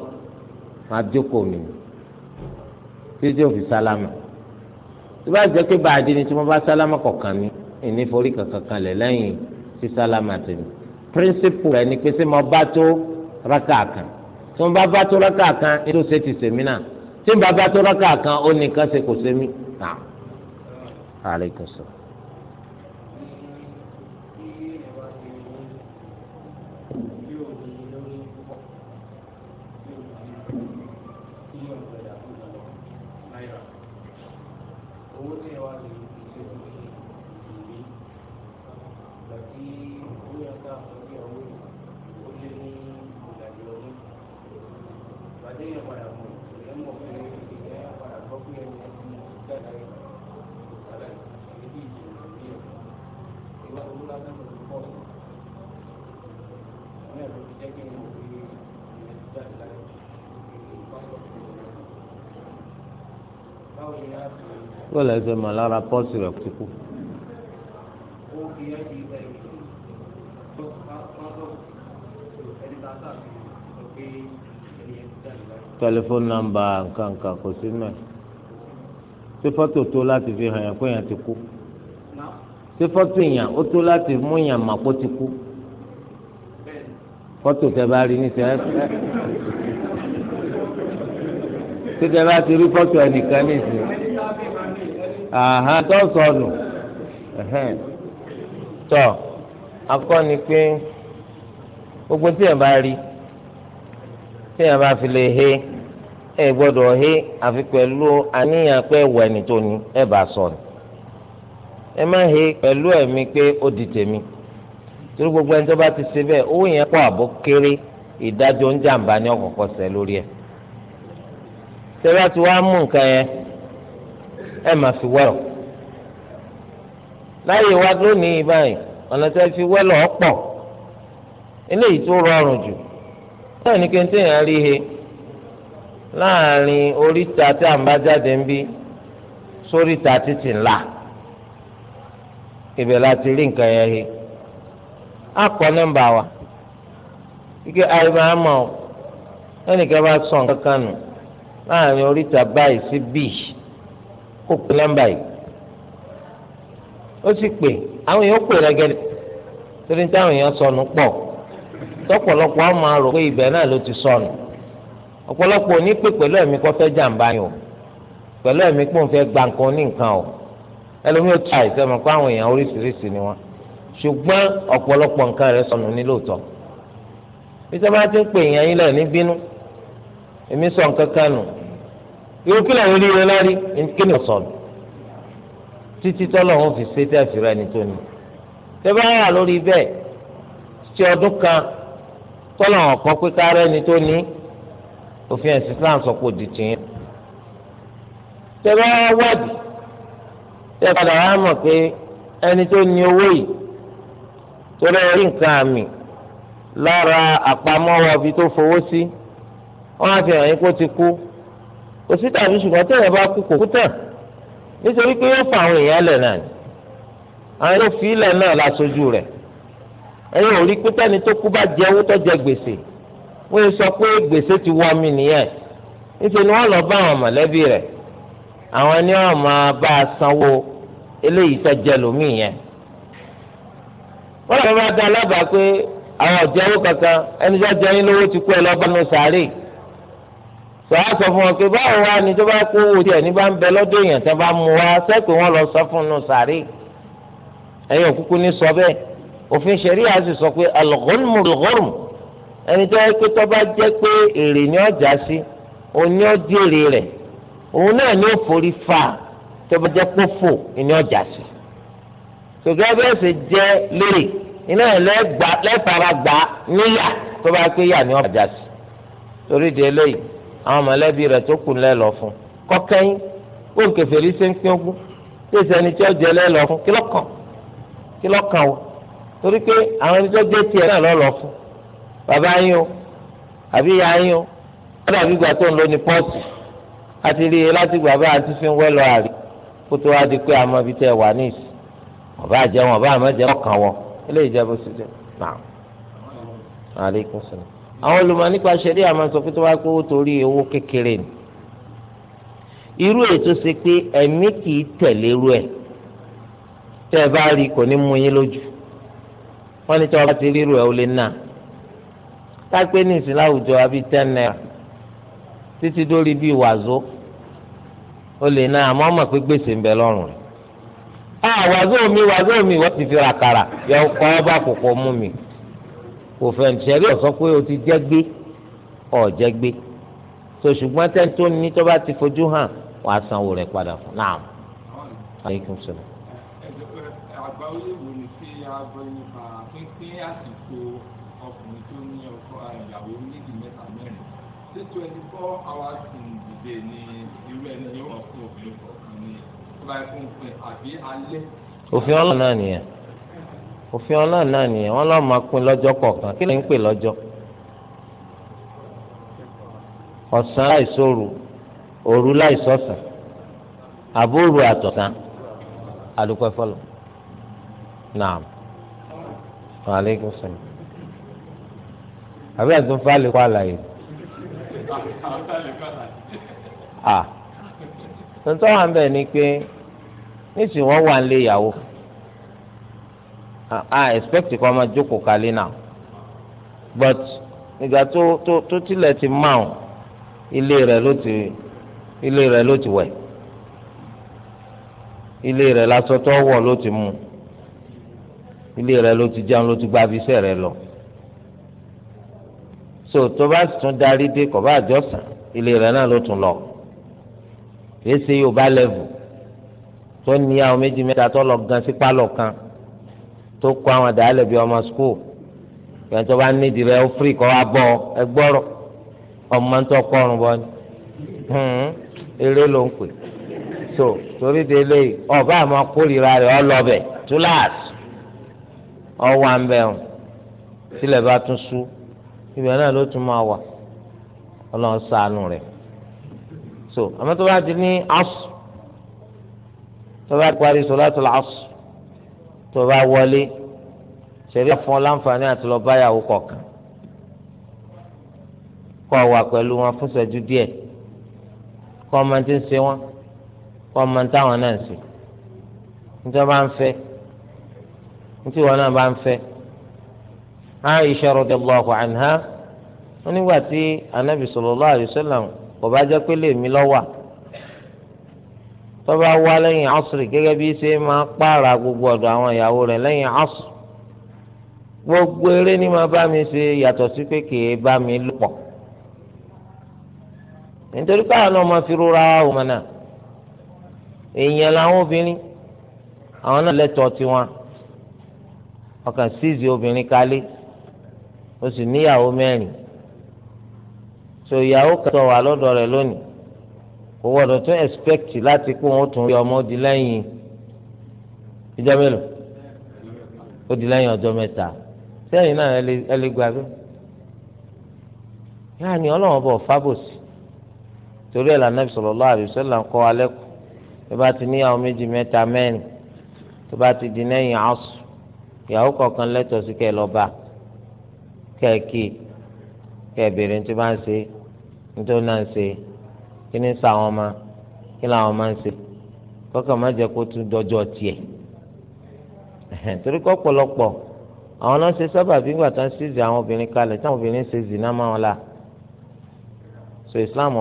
S1: máa jókòó mi títí òfin sálámà tó bá jẹ́ pé bàdí ni tí wọ́n bá sálámà kọ̀ọ̀kan mi ìní forí kankan kanlẹ̀ lẹ́yìn sí sálámà tèmi píríncípù rẹ̀ ni pé ṣé mo bá tó rákà kan tí mo bá bá tó rákà kan ètò ṣe ti sèmi náà tí bá bá tó rákà kan ó nìkan ṣe kò sèmi náà. alaikum salaam.
S2: owó tí ẹ wọ́n lè fẹ́ mọ̀ lára pọ́ọ̀sì rẹ̀ ti kú.
S1: tẹlifóònù nọ́mbà nǹkankan kò sí mẹ́ ṣé fọ́tò tó láti fi hàn yẹn pé yẹn ti kú
S2: ṣé fọ́tò yẹn ó tó láti
S1: mú yẹn mà kó ti kú fọ́tò tẹ bá rí níta ẹ
S2: ṣé tẹ bá ti rí fọ́tò ẹnìkan níta.
S1: àhán tó sọnù tọ akọni pé gbogbo tí yẹn bá rí tí yẹn bá fi lè he ẹ gbọ́dọ̀ he àfi pẹ̀lú àníyàn pé ẹwà ẹni tó ní ẹ ẹ má he pẹ̀lú ẹ̀mí pé gbogbo ẹni tó bá ti ṣe yẹn kéré ń jàǹbá ẹ máa fi wẹ́lọ̀ láyé wa lónìí báyìí ọ̀nà tẹ́ fi wẹ́lọ̀ ọ̀pọ̀ eléyìí tó rọrùn jù náà ní kéńté yẹn rí he láàrin oríta tí à ń bá jáde ń bí sóríta títì ńlá ibẹ̀ rí nǹkan yẹn he wa ike àyùbá àmọ́ ẹnìkan bá sọ nǹkan nù láàrin oríta báyìí sí bíi. kó pe nọ́mbà yìí ó sì pè àwọn èèyàn pè rẹ́gẹ́dẹ́ torí táwọn èèyàn sọnù pọ̀ tọ́pọ̀lọpọ̀ àwọn máa rò pé ibẹ̀ náà ló ti sọnù ọ̀pọ̀lọpọ̀ ní pè pẹ̀lú ẹ̀mí kó fẹ́ jàǹbá yìí o pẹ̀lú ẹ̀mí pò ń fẹ́ gba nǹkan ní nǹkan o ẹlòmíràn tó àìsàn mọ̀ pé àwọn èèyàn oríṣiríṣi ni wọ́n ṣùgbọ́n ọ̀pọ̀lọpọ̀ nǹkan rẹ̀ sọnù ní lóòótọ́ bí sábà ti ń pè èèyàn yín lẹ̀ ní bínú èmi sọ nǹkan kan nù irú kí lẹ́yìn oríire lárí kí ni sọ̀rọ̀ títí tọ́lọ̀ wọn fi ṣe tẹ́ẹ̀fì rẹ ní tóní tẹ́bá yà lórí bẹ́ẹ̀ ti ọdún kan tọ́lọ̀ wọn kọ́ pé kárẹ́ ní tóní òfin ẹ̀sìn Islam sọ pé òdì tìyẹn
S2: tẹ́bá yà wádìí tẹ́ẹ̀ padà wá mọ̀
S1: pé ẹni tó ní owó yìí tó lọ rí nǹkan àmì lára àpamọ́wọ́ ibi tó fowó sí wọ́n á fi hàn yín kó ti kú kò sí tàbí ṣùgbọ́n tẹ̀yẹ̀ bá kú kò kú tán nítorí pé yóò fa àwọn èèyàn lẹ̀ náà ni àwọn yóò fi ilẹ̀ náà láṣojú rẹ̀ ẹ̀yìn ò rí pé tẹ́ni tó kú bá jẹ owó tó jẹ gbèsè wọ́n yóò sọ pé gbèsè ti wọ́ mi nìyẹn níṣẹ́ ni wọ́n lọ bá àwọn mọ̀lẹ́bí rẹ̀ àwọn ni wọ́n máa bá a sanwó eléyìí tó jẹ lómìn yẹn wọ́n lọ bá dá alábàá pé àwọn ọ̀jẹ̀wó kankan ẹni tó jẹ yín lówó ti kú ẹ lọ́ọ́ wàá sọ fún wọn pé báwo wá ni tó bá kó owó tiẹ̀ ní bá ń bẹ lọ́dọ̀ èèyàn tó bá mú wa sẹ́pẹ̀ wọn lọ sọ fún un sàárè ẹ̀yin òkúkú ní sọ bẹ́ẹ̀ òfin ṣẹ̀rí àá sì sọ pé alghulmu ẹni tó yẹ tó bá jẹ́ pé èrè ni ọjà sí òun ni ó di èrè rẹ̀ òun náà ni ó forí fa tó bá jẹ́ pé fò ni ọjà sí tòkẹ́ bẹ́ẹ̀ sì jẹ́ lérè iná lẹ́fara gbà níyà tó bá pé yà ni ọjà sí torí di eléyìí àwọn mọ̀lẹ́bí rẹ̀ tó kù lẹ́lọ fún kọ́kẹ́yìn bó kèfèrí ṣe ń pín ogún tí èsì ẹni tí ó jẹ lẹ́lọ fún kí lọ́kàn kí lọ́kàn o torí pé àwọn ẹni tó dé tiẹ̀ náà lọ́lọ́ fún bàbá yín o àbí ìyá yín o wọ́n dàbí ìgbà tó ń lò ní pọ́ọ̀sì àti rí i láti bàbá àti fi ń wẹ́ lọ àrí kó tó wá di pé àmọ́ ibi tẹ́ wà ní ìsìn ọ̀bá àjẹwọ̀n ọ̀bá àmọ́ jẹ́ ọ̀kan wọ ilé ìjẹ́bù sí jẹ́ náà àwọn olùmọ̀ nípa ṣẹ̀rí àmọ́ sọ pé tó bá kówó torí owó kékeré ni irú ètò ṣe pé ẹ̀mí kì í tẹ̀lé irú ẹ̀ tẹ́ ẹ bá rí kò ní mú yín lójú wọ́n ní tí wọ́n bá ti rí irú ẹ̀ ó lè nà kápẹ́ ní ìsìn láwùjọ àbí ten naira títí dórí bíi wàzó ó lè nà àmọ́ mọ̀ pé gbèsè ń bẹ lọ́rùn rẹ̀
S2: ah wàzó mi wàzó
S1: mi wọ́n ti fi ràkàrà yọ ọkọ̀ ọba kòkó mú mi kò fẹ̀ǹtì ẹ̀rí ọ̀sọ́ pé o ti jẹ́ gbé ọ̀jẹ́ gbé so ṣùgbọ́n tẹ́ tó ní tó bá ti fojú hàn wàá sanwó rẹ̀ padà fún náà. aleykum salaam.
S2: àgbà oyè wo ni ṣé àgbọ̀ nípa pínpín àsìkò ọkùnrin tó ní ọkọ ìyàwó méjì mẹ́ta mẹ́rin ṣé twenty four hours in the ni irú ẹni yóò wọ́n fún obìnrin kọ̀ọ̀kan ní ọba ẹ̀fọn òfin àbí alẹ́.
S1: òfin ọlọ́run náà nìyẹn. òfin ọlọ́run náà nìyẹn wọn lọ́ọ́ máa pín lọ́jọ́ kọ̀ọ̀kan kí ni ń pè lọ́jọ́ ọ̀sán láìsóoru òru láìsọ̀sán àbóoru àtọ̀sán àdúpẹ́ fọlọ́ náà wàhálẹ́kùn sẹ́mi àbí àti fáàlì kọ́ àlàyé à tuntun wà ń bẹ̀ ni pé nísìnyí wọ́n I expect kọ́ ọmọ jókòó kalẹ̀ náà but ìgbà tó tó tó tilẹ̀ ti máa ọ̀ ilé rẹ̀ ló ti ilé rẹ̀ ló ti wẹ̀ ilé rẹ̀ lásán tó wọ̀ ló ti mú ilé rẹ̀ ló ti jẹun ló ti gba abisẹ́ rẹ̀ lọ so tó bá tún darí dé kọ̀ bá àjọsàn ilé rẹ̀ náà ló tún lọ kìí yóò bá lẹ́vù tó ní àwọn méjì mẹ́ta tó lọ gan sí pálọ̀ kan tó kọ àwọn dàálẹ̀ bíi ọmọ skul yẹn tó bá nídìí rẹ ó firi kọ́ wa bọ́ ẹ gbọ́rọ̀ ń tọ́ kọrùn bọ́ ni hmm. eré ló ń pè so torí délé ọba àmọ́ kórìíra rẹ̀ ọlọ́bẹ̀ túláàsì ọwọ́ àmbẹ̀hùn tílẹ̀ bá tún sú ibẹ̀ náà ló tún máa wà ọlọ́run ṣàánú rẹ̀ so àmọ́ tó bá ti ní asù tó bá parí sọ̀láàtù làásù tó bá wọlé ṣẹlẹ̀ fún ọ láǹfààní àti lọ báyàwó kọ̀ọ̀kan kó wà pẹ̀lú wọn fún ṣẹ́jú díẹ̀ kó ọmọ tí ń ṣe wọn kó ọmọ táwọn náà ń ṣe nítorí bá ń fẹ́ nítorí wọn náà bá ń fẹ́ Aisha radiyallahu anha wọn nígbà tí anabi sallallahu alaihi wasallam kò bá jẹ́ pé lèmi lọ́wọ́ à tọ́ba wá lẹ́yìn asri gẹ́gẹ́ bí ṣe máa pààrà gbogbo ọ̀dọ̀ àwọn ìyàwó rẹ̀ lẹ́yìn asri gbogbo eré ni máa bá mi ṣe yàtọ̀ sí pé kì í bá mi lò pọ̀ nítorí káwọn náà máa fi rora wa òun náà èèyàn làwọn obìnrin àwọn náà lẹ́tọ̀ọ́ tiwọn ọkàn síìzì obìnrin kálé ó níyàwó mẹ́rin so ìyàwó kan tó wà lọ́dọ̀ rẹ̀ lónìí kò gbọdọ̀ tún expect láti kó wọn tún rí ọmọ ó di lẹ́yìn ìjọ mélòó ó di lẹ́yìn ọjọ́ mẹ́ta sẹ́yìn náà ẹ lè gba bẹ́ẹ̀ yáà ni ọlọ́run bọ̀ fábòsì torí ẹ̀ lànà sallallahu alaihi wasallam kọ́ alẹ́ kù tó bá ti níyàwó méjì mẹ́ta mẹ́rin tó bá ti di lẹ́yìn asù ìyàwó kọ̀ọ̀kan lẹ́tọ̀ọ́ sí kẹ́ ẹ lọ tó bá ń ṣe ní tó náà ń ṣe. kí sa àwọn ọmọ kí làwọn ọmọ ṣe kọ́kọ́ má kó tún torí kọ pọ̀lọpọ̀ àwọn náà ṣe sábà bí gbà àwọn obìnrin obìnrin ṣe wọn la so Islam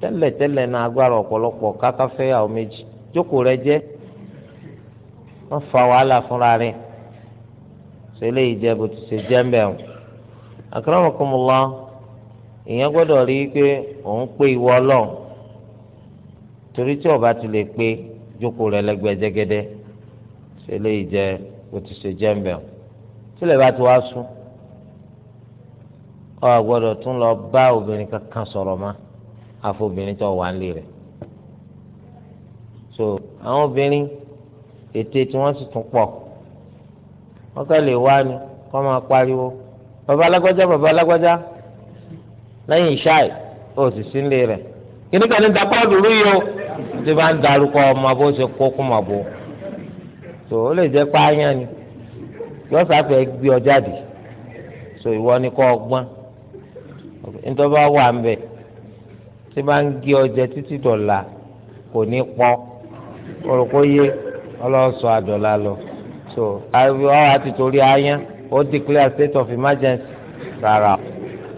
S1: tẹ́lẹ̀ tẹ́lẹ̀ náà agbára ọ̀pọ̀lọpọ̀ àwọn méjì jókòó rẹ jẹ́ wọ́n fa wàhálà fúnra èèyàn gbọ́dọ̀ rí i pé òun pé ìwọ Ọlọ́run torí tí ọba ti lè pé jókòó rẹ̀ lẹ́gbẹ̀ẹ́ jẹ́gẹ́dẹ́ ṣe lè jẹ òtúnṣe jẹmbẹl tílẹ̀ bá ti wá sùn ọ gbọ́dọ̀ tún lọ bá obìnrin kankan sọ̀rọ̀ ma àfọ obìnrin tó wà nílé rẹ̀ so àwọn obìnrin ète tí wọ́n sì tún pọ̀ wọ́n kàn lè wá ni kọ́ máa pariwo bàbá alágbájá bàbá alágbájá. lẹ́yìn ìṣáì ó sì sí ilé rẹ̀ kíní kan ní dapọ́ọ̀dù rú yìí o tí bá ń darúkọ ọmọ bó ṣe kó kún mọ̀ bó tó o lè jẹ́ pààyàn ni yọ́sàfẹ́ gbé ọ jáde so ìwọ ni kọ́ ọgbọ́n nítorí bá wà ń bẹ̀ tí bá ń gé ọjẹ títí dọ̀la kò ní pọ́ orúkọ yé ọlọ́sọ àdọ̀la lọ so àwọn àti torí ayán ó declare state of emergency rárá o.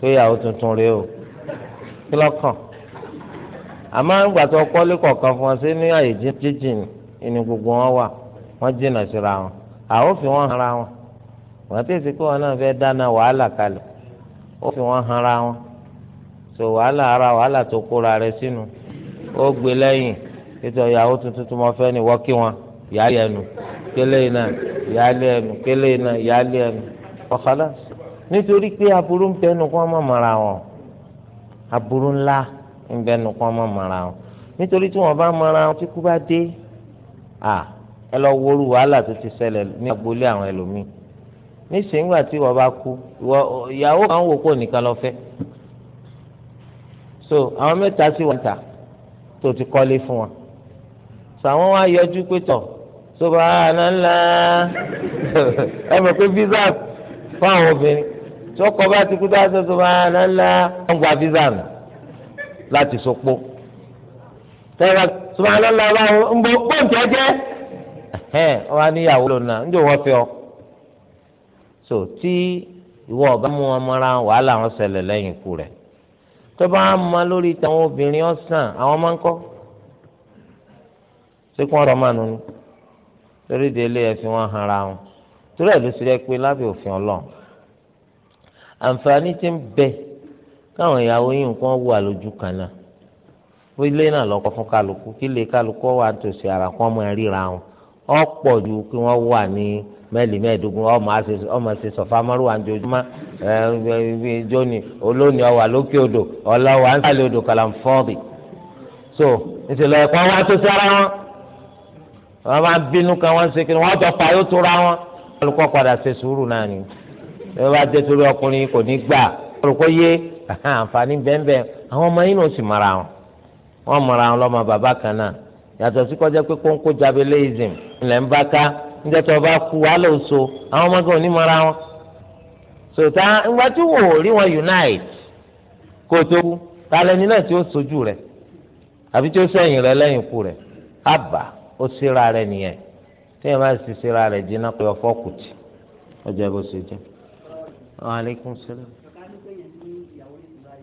S1: pé ìyàwó tuntun rèé o kí lọ́kàn àmọ́ àgbà tó kọ́lé kọ̀ọ̀kan fún wọn sí ní àyè jíjìn ni gbogbo wọn wà wọ́n jìnnà síra wọn àwọn fi wọn hanra wọn wọ́n ti sè pé wọn náà fẹ́ dáná wàhálà kalẹ̀ ó fi wọn hanra wọn so wàhálà ara wàhálà tó kóra rẹ̀ sínú ó gbé lẹ́yìn ètò ìyàwó tuntun tó mọ fẹ́ ni wọ́n kí wọn yálé ẹnu kélé náà yálé ẹnu kélé náà yálé ẹnu ọ̀kadà nítorí pé aburú ń bẹnu kó ọmọ mara wọn aburú ńlá ń bẹnu kó ọmọ mara wọn nítorí tí wọn bá mara wọn tí kú bá dé à ẹ lọ wọrú wàhálà tó ti ṣẹlẹ̀ ní agboolé àwọn ẹlòmíì nísìnyí gbà tí wọn bá kú ìyàwó kan wò kó nìkan lọ fẹ́ so àwọn mẹ́ta sí wọn ta tó ti kọ́lé fún wọn sàwọn wá yọjú pé tọ̀ sọba àná ẹ mọ̀ pé visa fún àwọn obìnrin sọkọ bá ti kú tó aṣọ tó máa lọ́la wọ́n gba visa nù láti sọpọ̀
S2: tẹ́lá tó máa lọ́la báwo ń bọ pọ́ǹtẹ́ jẹ́
S1: ẹ̀hẹ́n wọ́n á níyàwó lónà ń jò wọ́n fẹ́ ọ. so tí ìwọ ọba mú wọn mọ́ra wàhálà wọn ṣẹlẹ̀ lẹ́yìn ikú rẹ̀ tó bá ń ma lórí tàwọn obìnrin ọ̀sán àwọn máa ń kọ́ ṣé kí wọ́n rọ máa nù ní torí délé ẹ̀sìn wọn hanra wọn torí ẹ̀ ló ṣe rẹ́ pé lábẹ́ òfin ọlọ́run àǹfààní ti ń bẹ káwọn ìyàwó yìí nǹkan wà lójú kan náà ó ilé náà lọkọ fún kálukú kí lè kálukú wà tòsí ara kó ọmọ ríra wọn ọ̀pọ̀ ju kí wọ́n wà ní mẹ́lì mẹ́ẹ̀ẹ́dógún ọmọ ṣe sọ̀fà márùwà ojoojúmọ́ jóni olóni ọwà lókè odò ọlọ́wà ń sàlẹ̀ odò kàlàǹfọ́ọ̀bì so ìṣẹ̀lẹ̀ ẹ̀kọ́ wá tó sára wọn wọ́n máa bínú kan wọ́n ṣe kí wọ́n jọ fà yóò tóra wọn. olùkọ́ padà ṣe sùúrù náà ni ẹ bá jẹ́ torí ọkùnrin kò ní gbà orúkọ yé àǹfààní bẹ́ẹ̀nbẹ́ẹ̀ àwọn ọmọ yìí náà sì mara wọn wọn mara wọn lọ́mọ bàbá kan yàtọ̀ sí kọjá pé kóńkó jabeléism ńlẹ̀ ń bá ká níjẹ́ tó bá kú wàhálà oṣù àwọn ọmọ kan ò ní mara wọn sòtá tí wò ó rí wọn unite kó tó kú náà tí ó sojú rẹ̀ àbí tí ó sẹ́yìn aleykum salaam.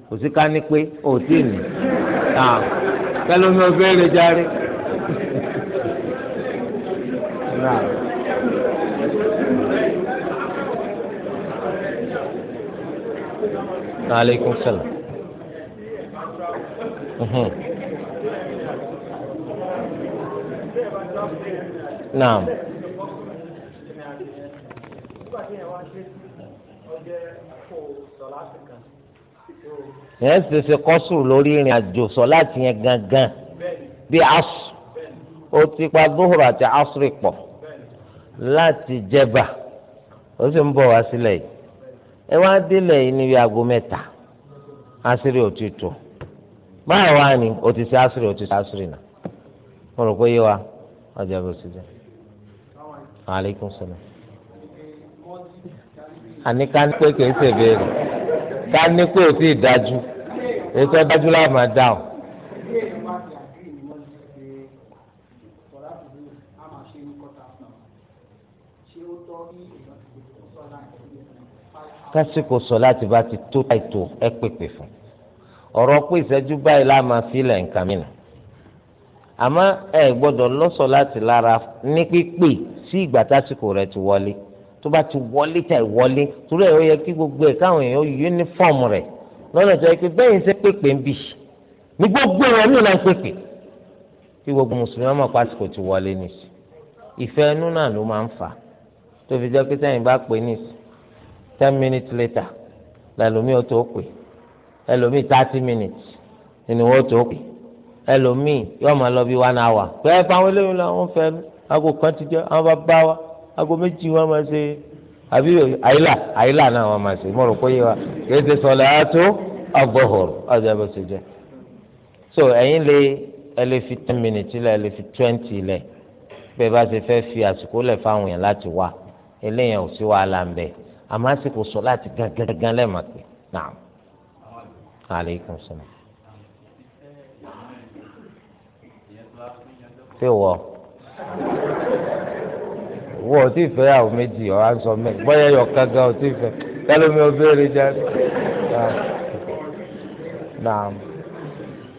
S1: kò sí ká ní pé ò sí ní kẹlẹ́ mi ò fẹ́ lè járe.
S2: aleykum salaam. naam.
S1: yẹn sì ṣe kọ́sùrù lórí ìrìn àjò sọ láti yẹn gangan bí asù ó ti pa dóhùrù àti asùrì pọ̀ láti jẹba ó sì ń bọ̀ wá sílẹ̀ yìí ẹ wá délẹ̀ yìí níbi aago mẹ́ta asìrì ò báyìí wá ní o ti asìrì o asìrì náà mo rò pé yé wa ọjà bó ti
S2: ká ní pé ò tí ì dájú ètò dájú láà máa dá o. kásìkò sọ láti bá
S1: ti tó àìtó ẹ pèpè fún ọ̀rọ̀ pé ìṣẹ́jú báyìí láà máa sílẹ̀ nǹkan mìíràn àmọ́ ẹ gbọ́dọ̀ lọ́sọ̀ láti lára ní pípé sí ìgbà tásìkò rẹ̀ ti wọlé tó bá ti wọlé tà ìwọlé torí ẹ̀ ó yẹ kí gbogbo ẹ̀ káwọn èèyàn yúnífọ̀mù rẹ̀ lọ́nà tó yẹ pé bẹ́ẹ̀ ń ṣe pèpè ń bì ní gbogbo ẹ̀ ní ìlànà pèpè kí gbogbo mùsùlùmí ọmọ pásítọ̀ ti wọlé nìsí ìfẹ́ ẹnu náà ló máa ń fà tó fi jẹ́ pé sẹ́yìn bá pè nìsí ten minutes later lẹ́lòmíì ó tó pè ẹlòmíì thirty minutes ni wọ́n tó pè ẹlòmíì yóò máa lọ bí one hour pé ẹ bá wọn léwu lọ wọn fẹ́ aago kan ti jẹ́ àwọn bá bá wa aago méjì wọn máa ṣe àbí àyílà àyílà náà wọn máa ṣe mọ̀rọ̀ pé wa kìí ṣe sọ̀láàtù àgbọ̀họ̀rọ̀ ọjà bó ṣe jẹ́ so ẹ̀yin lè ẹ lè fi ten minutes lẹ̀ ẹ lè fi twenty lẹ̀ bẹ́ẹ̀ bá ṣe fẹ́ fi àsìkò lẹ̀ fáwọn yẹn láti wá eléyàn ò sí wàhálà ń bẹ̀ àmọ́ àsìkò sọ̀láàtì gangan lẹ́ẹ̀ma pé naam aleykum salaam. fi wọ. wọ́n ò fẹ́ àwọn méjì ọ̀ sọ mẹ́ bọ́yá yọ kága ò tí fẹ́ kálómi ó béèrè jáde. naam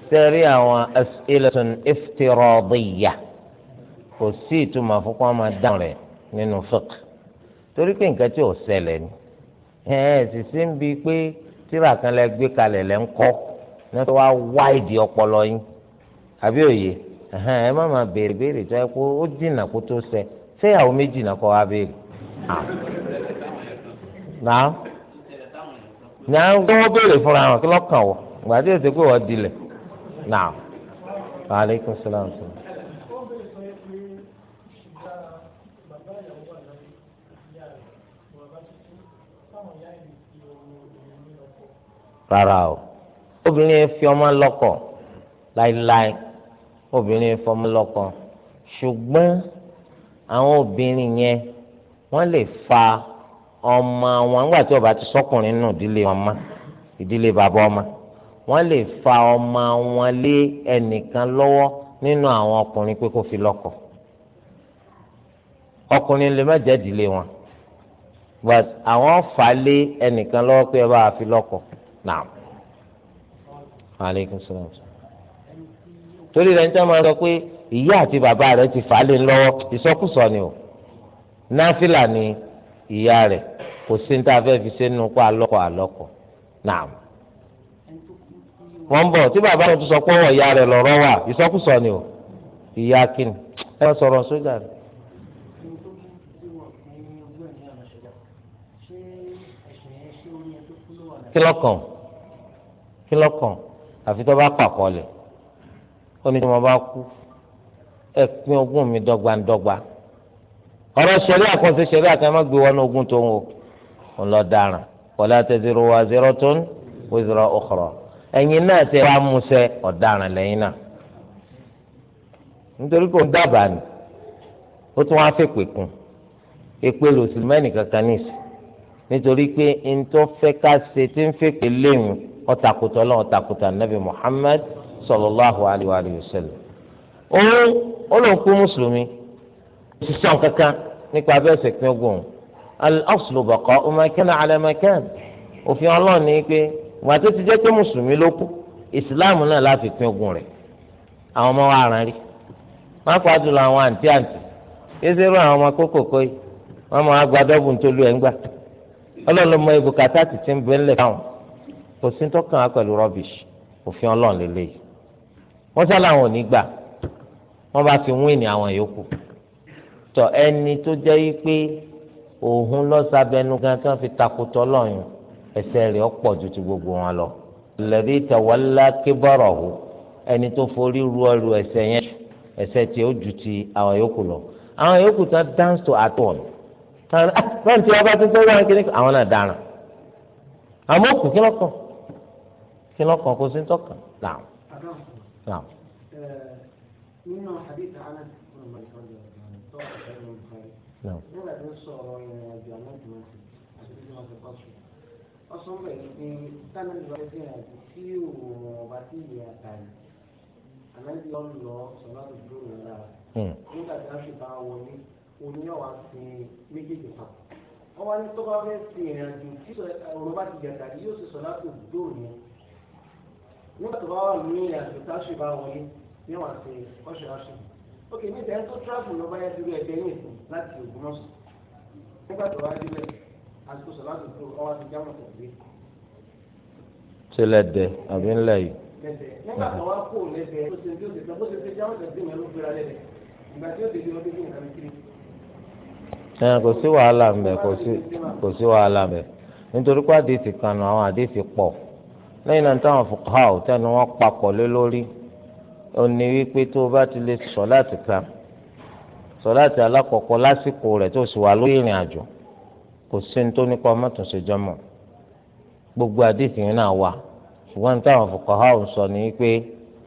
S1: sẹ́rí àwọn as'ilatun iftiradiyya kò sí ìtumọ̀ fún máa dáhùn rẹ̀ nínú fiqh torí pé nǹkan tí ò ṣẹlẹ̀ ni ẹ̀ẹ́n sì ń bi pé tíra kan lẹ gbé kalẹ̀ ń kọ́ ní wọ́n wá ọpọlọ yín àbí òye ẹ má máa béèrè béèrè tó kó ó kó tó ṣéyàwó méjì náà kọ́ wa béèrè náà náà wọ́n béèrè fúnra wọn kí lọ́kàn wọ̀ gbàdé ètò pé wọ́n dilẹ̀ náà
S2: aleykum salaam.
S1: rárá o obìnrin fi ọmọ lọ́kọ láéláé obìnrin fi ọmọ ṣùgbọ́n àwọn obìnrin yẹn wọ́n lè fa ọmọ wọn nígbà tí ọba ti sọkùnrin nù ìdílé ọmọ ìdílé bàbá ọmọ wọ́n lè fa ọmọ wọn lé ẹnìkan lọ́wọ́ nínú àwọn ọkùnrin pé kó fi lọ́kọ ọkùnrin lè má jẹ́ ìdílé wọn but àwọn fà lé ẹnìkan lọ́wọ́ pé ẹ bá a fi lọ́kọ náà aleykum salaam torí rẹ̀ ń tẹ́ máa sọ pé ìyá àti bàbá rẹ̀ ti fà á lé lọ́wọ́ ìsọkúsọ ni o náfìlà ni ìyá rẹ̀ kò sí ní tá a fẹ́ fi sínú kó alọkọ alọkọ náà wọn bọ tí bàbá rẹ̀ tún sọ pé ọwọ́ ìyá rẹ̀ lọ́rọ̀ wà ìsọkúsọ ni o ìyá kìnnì ẹ bá sọ̀rọ̀ sójà rẹ̀. kílọ̀kàn kílọ̀kàn àfi tó bá pàkọ́ lẹ̀ ó ní tí wọ́n bá kú ẹ pín ogún mi dọ́gbandọ́gba ọ̀rọ̀ sẹ̀rí àkọsí sẹ̀rí àkọsí má gbé wọnú ogún tó ń wò ń lọ dáràn wọlé àtẹ̀sẹ̀rọ wa zero tó ń wọ́n zero ọ̀kọ̀rọ̀ ẹ̀yin náà tẹ wá musẹ ọ̀daràn lẹ́yìn náà nítorí kò ń dábàá ni ó tún wá fèpè kún èpè lòsùlùmẹ́nì kankan nìsí nítorí pé ntọ́ fẹ́ ká ṣe tí ń fèpè léwu ọ̀tàkùtọ̀ lọ́wọ́ ọ̀tàkùtà ó lóun kú mùsùlùmí ṣiṣẹ́ àwọn kankan nípa abẹ́sẹ̀ pín ogun al-aslu baqa'u ma kana 'ala ma kana òfin ọlọ́run ni pé ìwà tó ti jẹ́ pé mùsùlùmí ló kú ìsìláàmù náà láfi pín ogun rẹ̀ àwọn ọmọ wa rán rí má pa jùlọ àwọn àǹtí àǹtí kéṣe rú àwọn ọmọ kókòkò yìí wọn máa gba dọ́bù nítorí ẹ̀ ń gbà ọlọ́run mọ ibùkátà wọ́n sálà àwọn ò ní gbà wọ́n bá fi wíìnì àwọn yòókù tọ ẹni tó jẹ́ yí pé òun lọ́sàbẹ̀nu gan tí wọ́n fi takùtọ̀ lọ́yìn ẹsẹ̀ rẹ̀ ọ̀pọ̀ ju ti gbogbo wọn lọ. lẹ́bí tẹ̀wọ́lá kébọ̀rọ̀ hù ẹni tó forí ru ọrù ẹsẹ̀ yẹn ẹsẹ̀ tí ó ju ti àwọn yòókù lọ. àwọn yòókù tán dance to at one. báyìí tí ah, wọ́n bá ti sọ́wọ́ wọn kíní àwọn náà dára. àmọ́ kù kí lọ́kàn kí lọ́kàn kó sí ń tọ́kàn
S2: nínú hadith anas nígbà tó ń sọ̀rọ̀ ìrìn àjò aláìsàn àti bí wọ́n ti kọ́ sùn wọ́n sọ pé ní tánàlì wáyé bí àjò tí òun ọba tí ìyá àtàlì ànábì ọ̀n lọ sọ̀rọ̀ àdúgbò rẹ̀ rà nígbà tí wọ́n ti bá wọlé oní ọ̀wá sí méjèèjì pa wọ́n wá ní tó bá fẹ́ sí ìrìn àjò tí yóò wá sí ọ̀ṣọ̀ọ̀ṣọ̀ ok ní ìtẹ́ tó tíráfù lọ báyá dúró ẹgbẹ́ ní ìsìn láti Ògbómọ̀ṣọ́ nígbà tó wá dúró àsìkò sọ láti tó ọwọ́ àti jámọ̀ tó gbé.
S1: tilẹ̀ dẹ àbí ńlẹ̀ yìí.
S2: nígbà tó wá kó lẹ́sẹ̀ ó ṣe bí ó ṣe tán bó ṣe ṣe jámọ̀ tó gbé mẹ́rin gbéra ó ṣe bí wọ́n gbé nǹkan
S1: kò sí kò sí wàhálà ń nítorí pé àdéhìí kan àwọn àdéhìí pọ̀ lẹ́yìn náà táwọn fòkàá ò tẹnu wọn papọ̀ lé lórí òní wípé tó o bá ti lè sọ láti kan sọ láti alákọ̀ọ́kọ́ lásìkò rẹ̀ tó sì wà lórí ìrìn àjò kò sí ní tó nípa mọ́tòsí jọmọ́ gbogbo àdéhùn yẹn náà wà ṣùgbọ́n ní táwọn fuqaha ń sọ ní wípé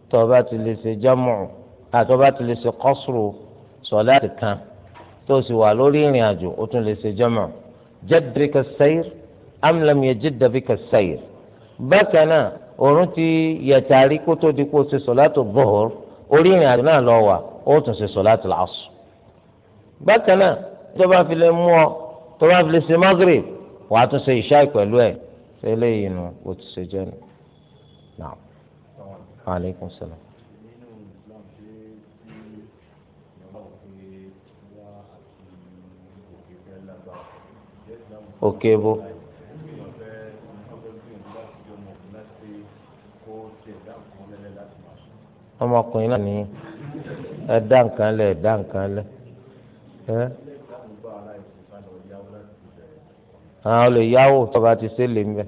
S1: tó o bá ti lè ṣe jọmọ́ àti o bá ti lè ṣe kọ́sùrù sọ láti kan tó sì wà lórí ìrìn àjò ó tún lè ṣe jọmọ́ jadrika sayr am lam yajid bika sayr bákan náà òórùn ti yẹ̀tàrí kó tó di kó ṣe sọ̀látò bọ̀hùr orí ìrìn àjò náà lọ wà ó tún ṣe sọ̀látò làásù. bákan náà tó bá fi lè mú ọ tó bá fi lè ṣe magrib wàá tún ṣe ìṣáì pẹ̀lú ẹ̀ fẹ́lẹ́ yìí nu kò ṣe jẹ́ nu. naam salaam. òkè bó. ọmọkùnrin náà ní ẹ dá nǹkan lẹ ẹ dá nǹkan lẹ ẹ. àwọn olè yáwó tó bá ti ṣe lè ń bẹ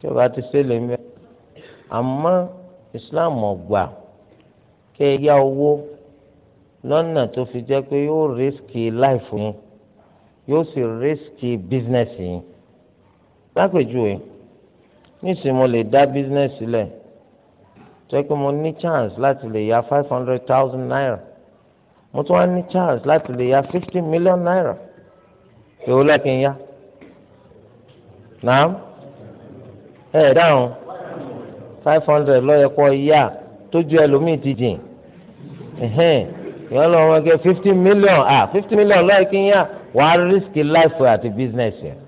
S1: tó bá ti ṣe lè ń bẹ àmọ́ Islam ọgbà kẹ yá owó lọ́nà tó fi jẹ́ pé yóò rìsíkì láìfù yín yóò sì rìsíkì bísínẹ́sì yín lápèjúwe nísìnyí mo lè dá bísínẹ́sì lẹ̀ tó yẹ pé mo ní chance láti lè ya five hundred thousand naira mo tún wá ní chance láti lè ya fifty million naira èwo lẹ́kìn ya naam ẹ ẹ dáhùn five hundred lọ́yẹ kọ́ ya tó ju ẹlòmíì ti jìn ìyọ́n lọ́wọ́ wọn kẹ́ fifty million ah fifty million lọ́yẹ kí n ya wàá risk life àti business yẹn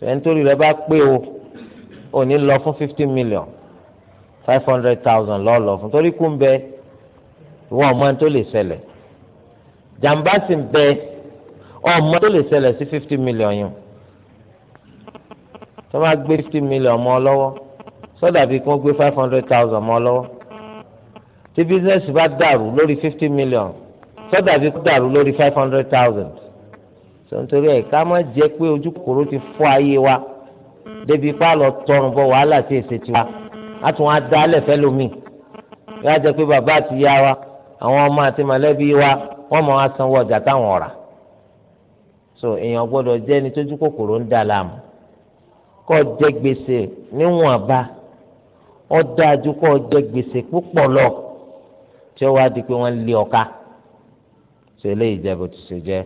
S1: so ẹni tó rí rẹ bá pé o ò ní lọ fún fifty million five hundred thousand lọ́ọ̀lọ́ fún torí kú ń bẹ wọn ọmọ tó lè ṣẹlẹ̀ jàǹbá sì ń bẹ ọmọ tó lè ṣẹlẹ̀ sí fifty million yẹn tó bá gbé fifty million mọ́ ọ lọ́wọ́ sọ́dà bíi kí wọ́n gbé five hundred thousand mọ́ ọ lọ́wọ́ tí bísíǹsì bá dàrú lórí fifty million sọ́dà bíi kó dàrú lórí five hundred thousand sọ̀ntorí ẹ̀ ká má jẹ́ pé ojú kòkòrò ti fọ́ ayé wa débi pa tọrùn bọ wàhálà tí èsè tiwa a tún á da alẹ́ fẹ́ lómi yóò jẹ́ pé bàbá àti ìyá wa àwọn ọmọ àti mọ̀lẹ́bí wa wọ́n mọ̀ wá sanwó ọjà táwọn ọ̀rà so èèyàn gbọ́dọ̀ jẹ́ ẹni tójú kòkòrò ń dà láàmú kọ́ jẹ́ gbèsè níwọ̀nba ó dájú kọ́ jẹ́ gbèsè púpọ̀ lọ tí ó wá di pé wọ́n lé ọ̀ka so eléyìí jẹ́ bó ti ṣe jẹ́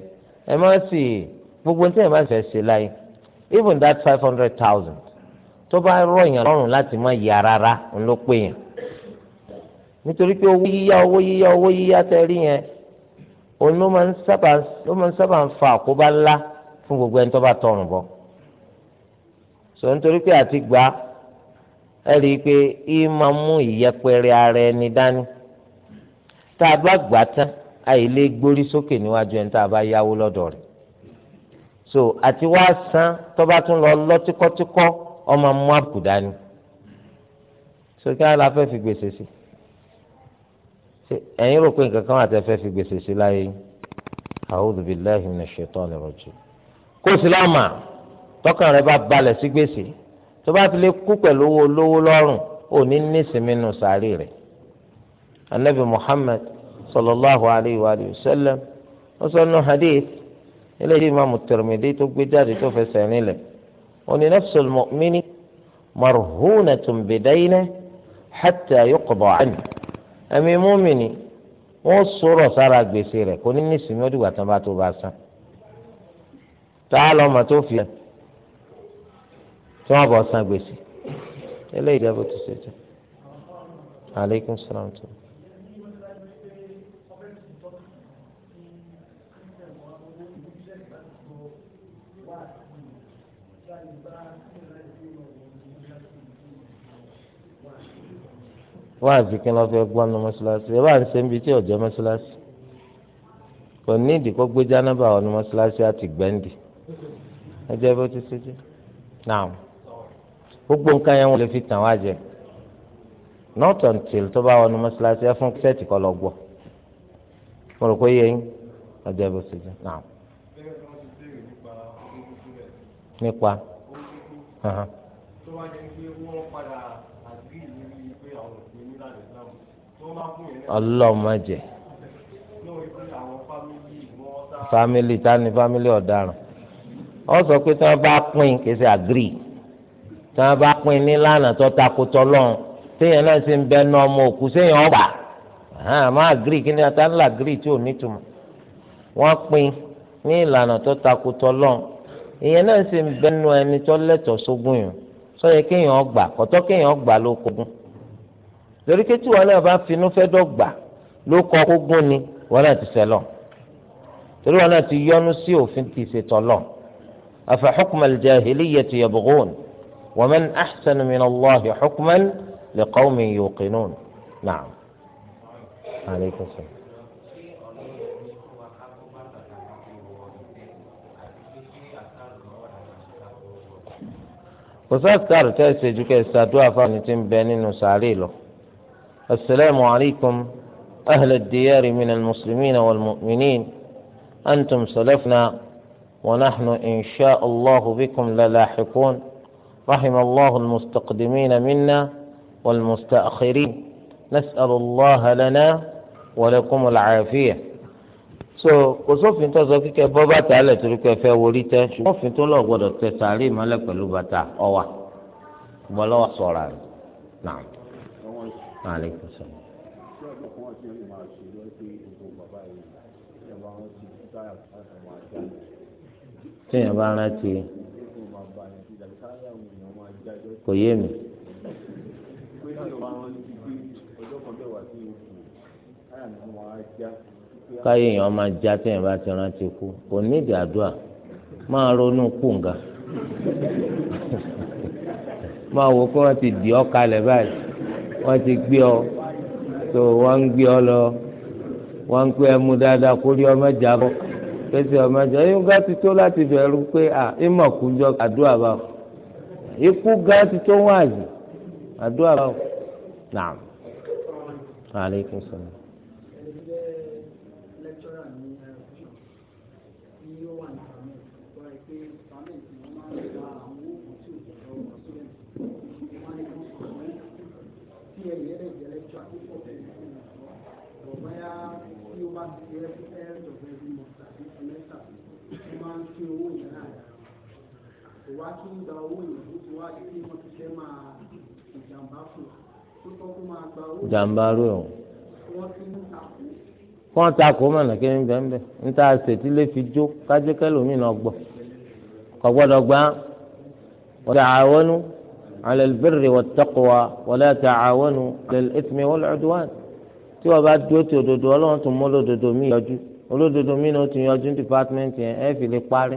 S1: ẹ má sì gbogbo ní tí ẹ má fẹ́ ṣe láyé even that five hundred thousand tó bá rọ̀ yàn lọ́rùn láti má yà rárá ń ló pè yàn nítorí pé owó yíyá owó yíyá owó yíyá tẹ rí yẹn òun ló máa ń sábà ló máa ń sábà ń fa àkóbá ńlá fún gbogbo ẹni tó bá tọrùn bọ sọ nítorí pé àti gbà ẹ rí i pé í máa mú ìyẹpẹrẹ ara ẹni dání tá a bá gbà tán àyè lè gbórí sókè níwájú ẹni tá a bá yáwó lọ́dọ̀ rẹ̀ so àti wá san tó bá tún lọ lọ tíkọ́tíkọ́ ọmọ mú àbùkùdá ni sókè àlà fẹ́ fi gbèsè sí ẹ̀yin rò pé nǹkan kan wà tẹ́ fẹ́ fi gbèsè sí láyé a'udhu billahi minash shaitani rajim kó o sì láàmà tọkàn rẹ bá balẹ̀ sí gbèsè tó bá ti lè kú pẹ̀lú owó olówó lọ́rùn ò ní nísìmí nù sàárì rẹ̀ anabi muhammad sallallahu alayhi wa sallam ó sọ nù hadith ilé ìdí imaamu Tirmidhi tó gbé jáde tó fẹsẹ̀ nílẹ̀ oní nafsul mu'mini marhunatun bidaynihi hatta yuqda anhu ẹ̀mí mọ́mìnì wọ́n sọ̀rọ̀ sára gbèsè rẹ̀ kò ní nísìnyí ó dìgbà tán bá tó bá san tá a lọ́mọ tó fi ẹ̀ tí wọ́n bọ̀ san gbèsè eléyìí jẹ́ bó ti ṣe jẹ́ aleykum salaam tó. wá àfikí lọ fẹ́ gbọ́ nu mọ́ṣáláṣí ẹ bá ń ṣe níbi tí ọ̀jọ́ mọ́ṣáláṣí kò ní ìdíkọ́ gbé jánábà ọ̀nu mọ́ṣáláṣí àti gbẹ́ndì ẹ jẹ́ bó ti ṣe jẹ́ náà gbogbo nǹkan yẹn wọ́n lè fi tàn wá jẹ not until tó bá ọ̀nu mọ́ṣáláṣí ẹ fún sẹ́ẹ̀tì kọ́ lọ gbọ́ mo rò pé yẹ yín ẹ jẹ́ bó ṣe jẹ́ náà. nípa. Uh-huh.
S2: tó bá jẹ́ pé wọ́n padà
S1: ọlọ́mọdé family ta ni family ọ̀daràn ọ sọ pé tí wọ́n bá pín kì í ṣe àgírí tí wọ́n bá pín nílànà tó takò tọ́lọ́run téèyàn náà sì ń bẹ nu ọmọ òkú séèyàn ọgbà àmọ́ àgírí kí ni ata ńlá àgírí tí ò nítumọ̀ wọ́n pín ní ìlànà tó takò tọ́lọ́run èèyàn náà sì ń bẹ nu ẹni tó lẹ́tọ̀ọ́ sógun yìí sọ yẹ kéèyàn ọgbà kọ́tọ́ kéèyàn ọgbà ló kọ́gùn. lórí ti won náà bá finú fẹ́ dọ́gba ló kọ́ ogún ni wọn náà ti selo torí wọn náà ti yọnu sí òfin ti ṣètò lọ afa hukma al-jahiliyyati yabghun wa man ahsanu min Allahi hukman li qawmin yuqinun na'am.
S2: aleykum salaam.
S1: kò sáà sáà rẹ̀ tẹ́ ṣe ju kẹ́ ṣàdúrà fáwọn ẹni tí ń bẹ nínú sàárè lọ. السلام عليكم أهل الديار من المسلمين والمؤمنين أنتم سلفنا ونحن إن شاء الله بكم للاحقون رحم الله المستقدمين منا والمستأخرين نسأل الله لنا ولكم العافية so kò sófin tó sọ kíkẹ bọ́ bàtà alẹ torí pé fẹ́ wọlé tẹ ṣùgbọ́n òfin tó lọ gbọ́dọ̀ tẹ sàárè mọ́lẹ̀ pẹ̀lú bàtà ọwà gbọlọwà sọra rẹ náà. aleykum salaam.
S2: téèyàn bá rántí kò yé mi. káyé èèyàn
S1: máa já téèyàn bá ti rántí kú kò ní ìdí máa ronú kú máa wò kó wọn di dì báyìí. wọ́n ti gbé ọ tó wọ́n ń gbé ọ lọ wọ́n ń pé ẹmu dáadáa kó rí ọmọ ìjà bọ́ pèsè ọmọ ìjà yín gá ti tó láti bẹ̀rù pé à ìmọ̀ kú jọ àdúrà bá ọ ikú gá ti tó wáàzì àdúrà bá ọ nàám. Aleykum salaam.
S2: wá kí ń gba owó ìlú tí wá sí wọn ti fẹ́ máa ìjàmbá fún tó tọ́ kó máa gba owó. ìjàmbá rẹ o. wọ́n ti ń takò. wọ́n takò
S1: mọ̀nà kí ń bẹ̀ ń bẹ̀ ń ta àṣetílé fi jó kájé kẹlòmíì náà gbọ́ kò gbọ́dọ̀ gbá wa ta'awanu 'ala al-birri wat-taqwa wa la ta'awanu 'ala al-ithmi wal-'udwan tí wọ́n bá dúró ti òdodo ọlọ́run tún mú olódodo mi yọjú olódodo mi náà tún yọjú ní dìpátímẹ́ǹtì yẹn ẹ fi lè parí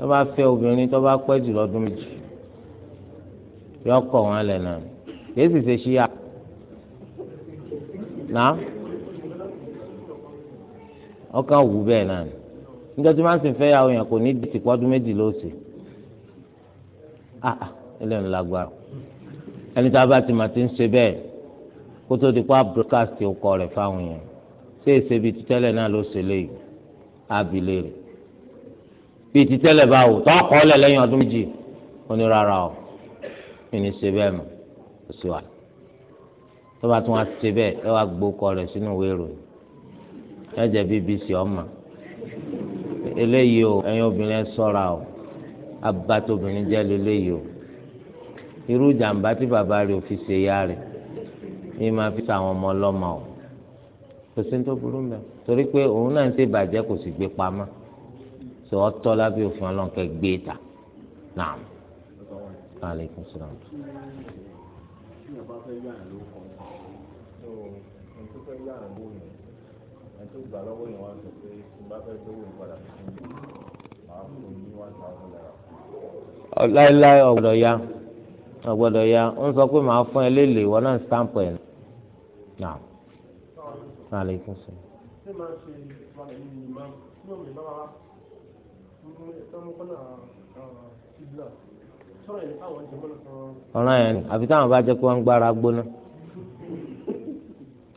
S1: tó bá fẹ́ obìnrin tó bá pẹ́ jù lọ́dún méjì yọ kọ̀ wọ́n lẹ̀ náà kì í sì ṣe ṣíyà náà ọkàn wù bẹ́ẹ̀ náà nígbà tí wọ́n sì fẹ́ yàwó yẹn kò ní di tìpọ́ ọdún méjì lóòsì ah ẹlẹ́nu ah, lágbára ẹni tá a bá ti mà ti ń ṣe bẹ́ẹ̀ kó tó di pa broadcast ọkọ rẹ̀ fáwọn yẹn ṣé èsè bíi títẹ́lẹ̀ náà ló ṣe léyìí ábìlẹ̀ rẹ̀ bíi ti tẹ́lẹ̀ báwo tó ọkọ̀ ọ̀lẹ̀ lẹ́yìn ọdún méjì ó ní rárá o mi ní ṣe bẹ́ẹ̀ mọ̀ kò sí wa tó bá tún wá ṣe bẹ́ẹ̀ ẹ wá gbókọ rẹ̀ sínú ìwé ìròyìn ẹ jẹ́ BBC ọmọ eléyìí o ẹ̀yin obìnrin ẹ ṣọ́ra o abatobìnrin jẹ́ lélẹ́yìí o irú jàǹbá tí bàbá rẹ̀ ò fi ṣe ya rẹ̀ ní máa fi sàwọn ọmọ ọlọ́mọ o kò sí ní tó burú mẹ́ torí pé òun náà ń ṣe ìbàjẹ́ kò sì gbé pamọ́ sọ ọtọ lábẹ́ òfin Ọlọ́run kẹ gbé e ta náà aleykum salaam. láéláé ọ̀gbọ́dọ̀ ya ọ̀gbọ́dọ̀ ya ó ń sọ pé màá fún ẹ lélẹ̀ ìwọ náà ń stamp ẹ̀ náà aleykum salaam ọ̀ràn yẹn ni àfi táwọn bá jẹ́ pé wọ́n ń gbára gbóná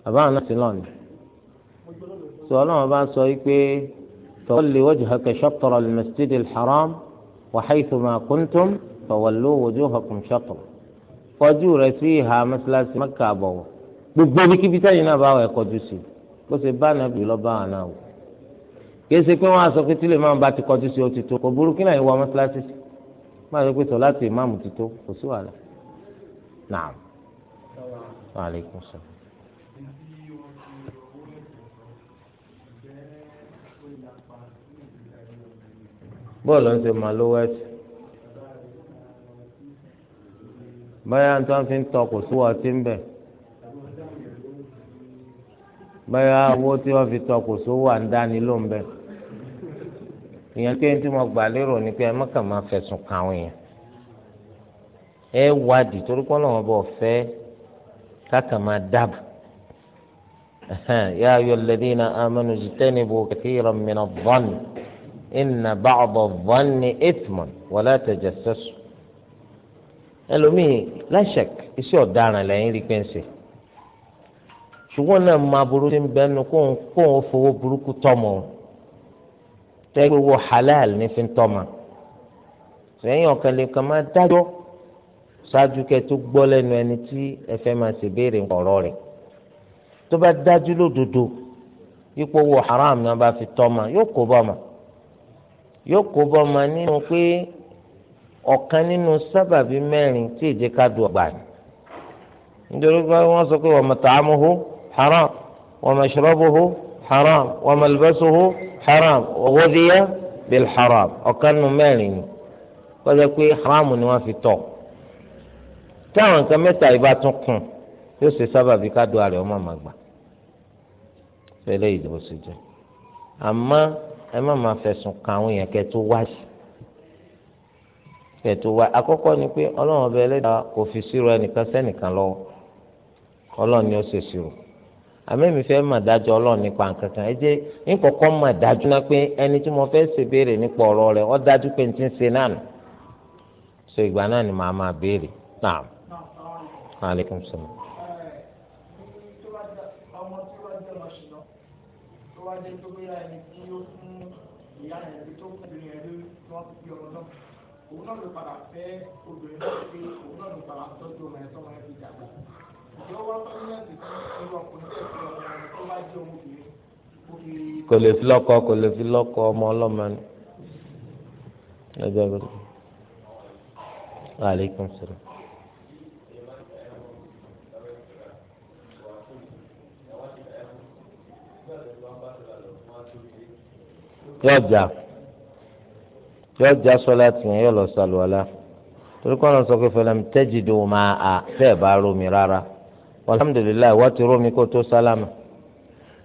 S1: àbáwọn náà ti lọ ni sọ ọlọ́run bá sọ yìí pé tawalli wajhaka shatra al-masjid al-haram wa haythu ma kuntum fawallu wujuhakum shatra kọjú rẹ sí ìhà mọ́sálásí mẹ́kà àbọ̀wọ̀ gbogbo ibi kíbi sẹ́yìn náà bá wà ẹ̀kọ́jú sí bó ṣe bá nàbì lọ́ bá wà náà wò kì í ṣe pé wọ́n á sọ pé tí lè máa bá ti kọjú sí o ti tó kò burú kí náà ìwọ mọ́ṣáláṣí sí má sọ pé sọ láti ìmáàmù ti tó kò sí wàhálà náà wàhálẹ́kùn sọ. bọ́ọ̀lù ń ṣe máa lówó ẹ̀sìn báyà ń fi tọ kò sí wọ́n ti ń bẹ̀. bẹ́ẹ̀ owó tí wọ́n fi tọ kò sówó à ń dáni ló ń bẹ ìyẹn pé tí mo gbà lérò ni pé ẹ má kàn máa fẹ̀sùn kàn àwọn èèyàn ẹ wádìí torí pé ọlọ́run bọ̀ fẹ́ kákan máa dábàá yà á yọ lẹ́dínà amẹ́nu jìtẹ́ni bò kẹ́kẹ́ rẹ̀ mìíràn bọ́ọ̀nù ìnà báàbọ̀ bọ́ọ̀nù ìtìmọ̀ wọlé àtẹ̀jẹ̀ sẹ́sùn ẹlòmíì láṣẹk iṣẹ́ ọ̀daràn lẹ́yìn rí pé ṣùgbọ́n náà máa burú sí bẹ́ẹ̀ nu kóun kóun fowó burúkú tọmọ tẹ́gbẹ́ wo halal ní fi tọmọ sẹ́yìn ọ̀kan lè kàn máa dájọ́ ṣáájú kẹ́ tó gbọ́ lẹ́nu ẹni tí ẹ fẹ́ máa ṣèbéèrè ọ̀rọ̀ rẹ̀ tó bá dájú haram náà bá fi yóò ma yóò kó bọ́ ma nínú pé ọ̀kan nínú sábàbí mẹ́rin tí ìjẹ́ká du ọgbà nítorí حرام ومشربه حرام وملبسه حرام وغذي بالحرام ọ̀kan mẹ́rin kọjá pé haramu ni wọ́n fi tọ̀ táwọn nǹkan mẹ́ta ìbá tún kùn yóò ṣe sábà bí ká do àrẹ ọmọ màá gbà fẹlẹ ìdìbò sí jẹ àmọ́ ẹ má máa fẹ̀sùn kàn àwọn èèyàn kẹ tó wá sí kẹ tó wá àkọ́kọ́ ni pé Ọlọ́run ọbẹ Ẹlẹ́dàá kò fi sírò ẹnìkan sẹ́nìkan lọ́wọ́ Ọlọ́run ni ó ṣe sírò àmẹ́mi fẹ́ mà dájú ọlọ́run nípa nǹkan ẹ jẹ́ nkọ̀kọ́ mà dájú náà pé ẹni tí mo fẹ́ ṣe béèrè nípa ọ̀rọ̀ rẹ̀ ó dájú pé n so ìgbà náà ni màá máa béèrè náà
S2: kò lè fi lọ́kọ kò lè fi lọ́kọ
S1: ọmọ ọlọ́mọ ni ẹgbẹ́ bẹ́ẹ̀ aleykum salaam. yọjà yọjà sọlá tìyẹn yọ lọ sàlùwàlà torí kọ́ sọ pé fẹlẹ́ mi tẹ́jì dùn máa à tẹ́ bá rómi rárá alhamdulilayi wọ́n ti rómi kó tó sálámà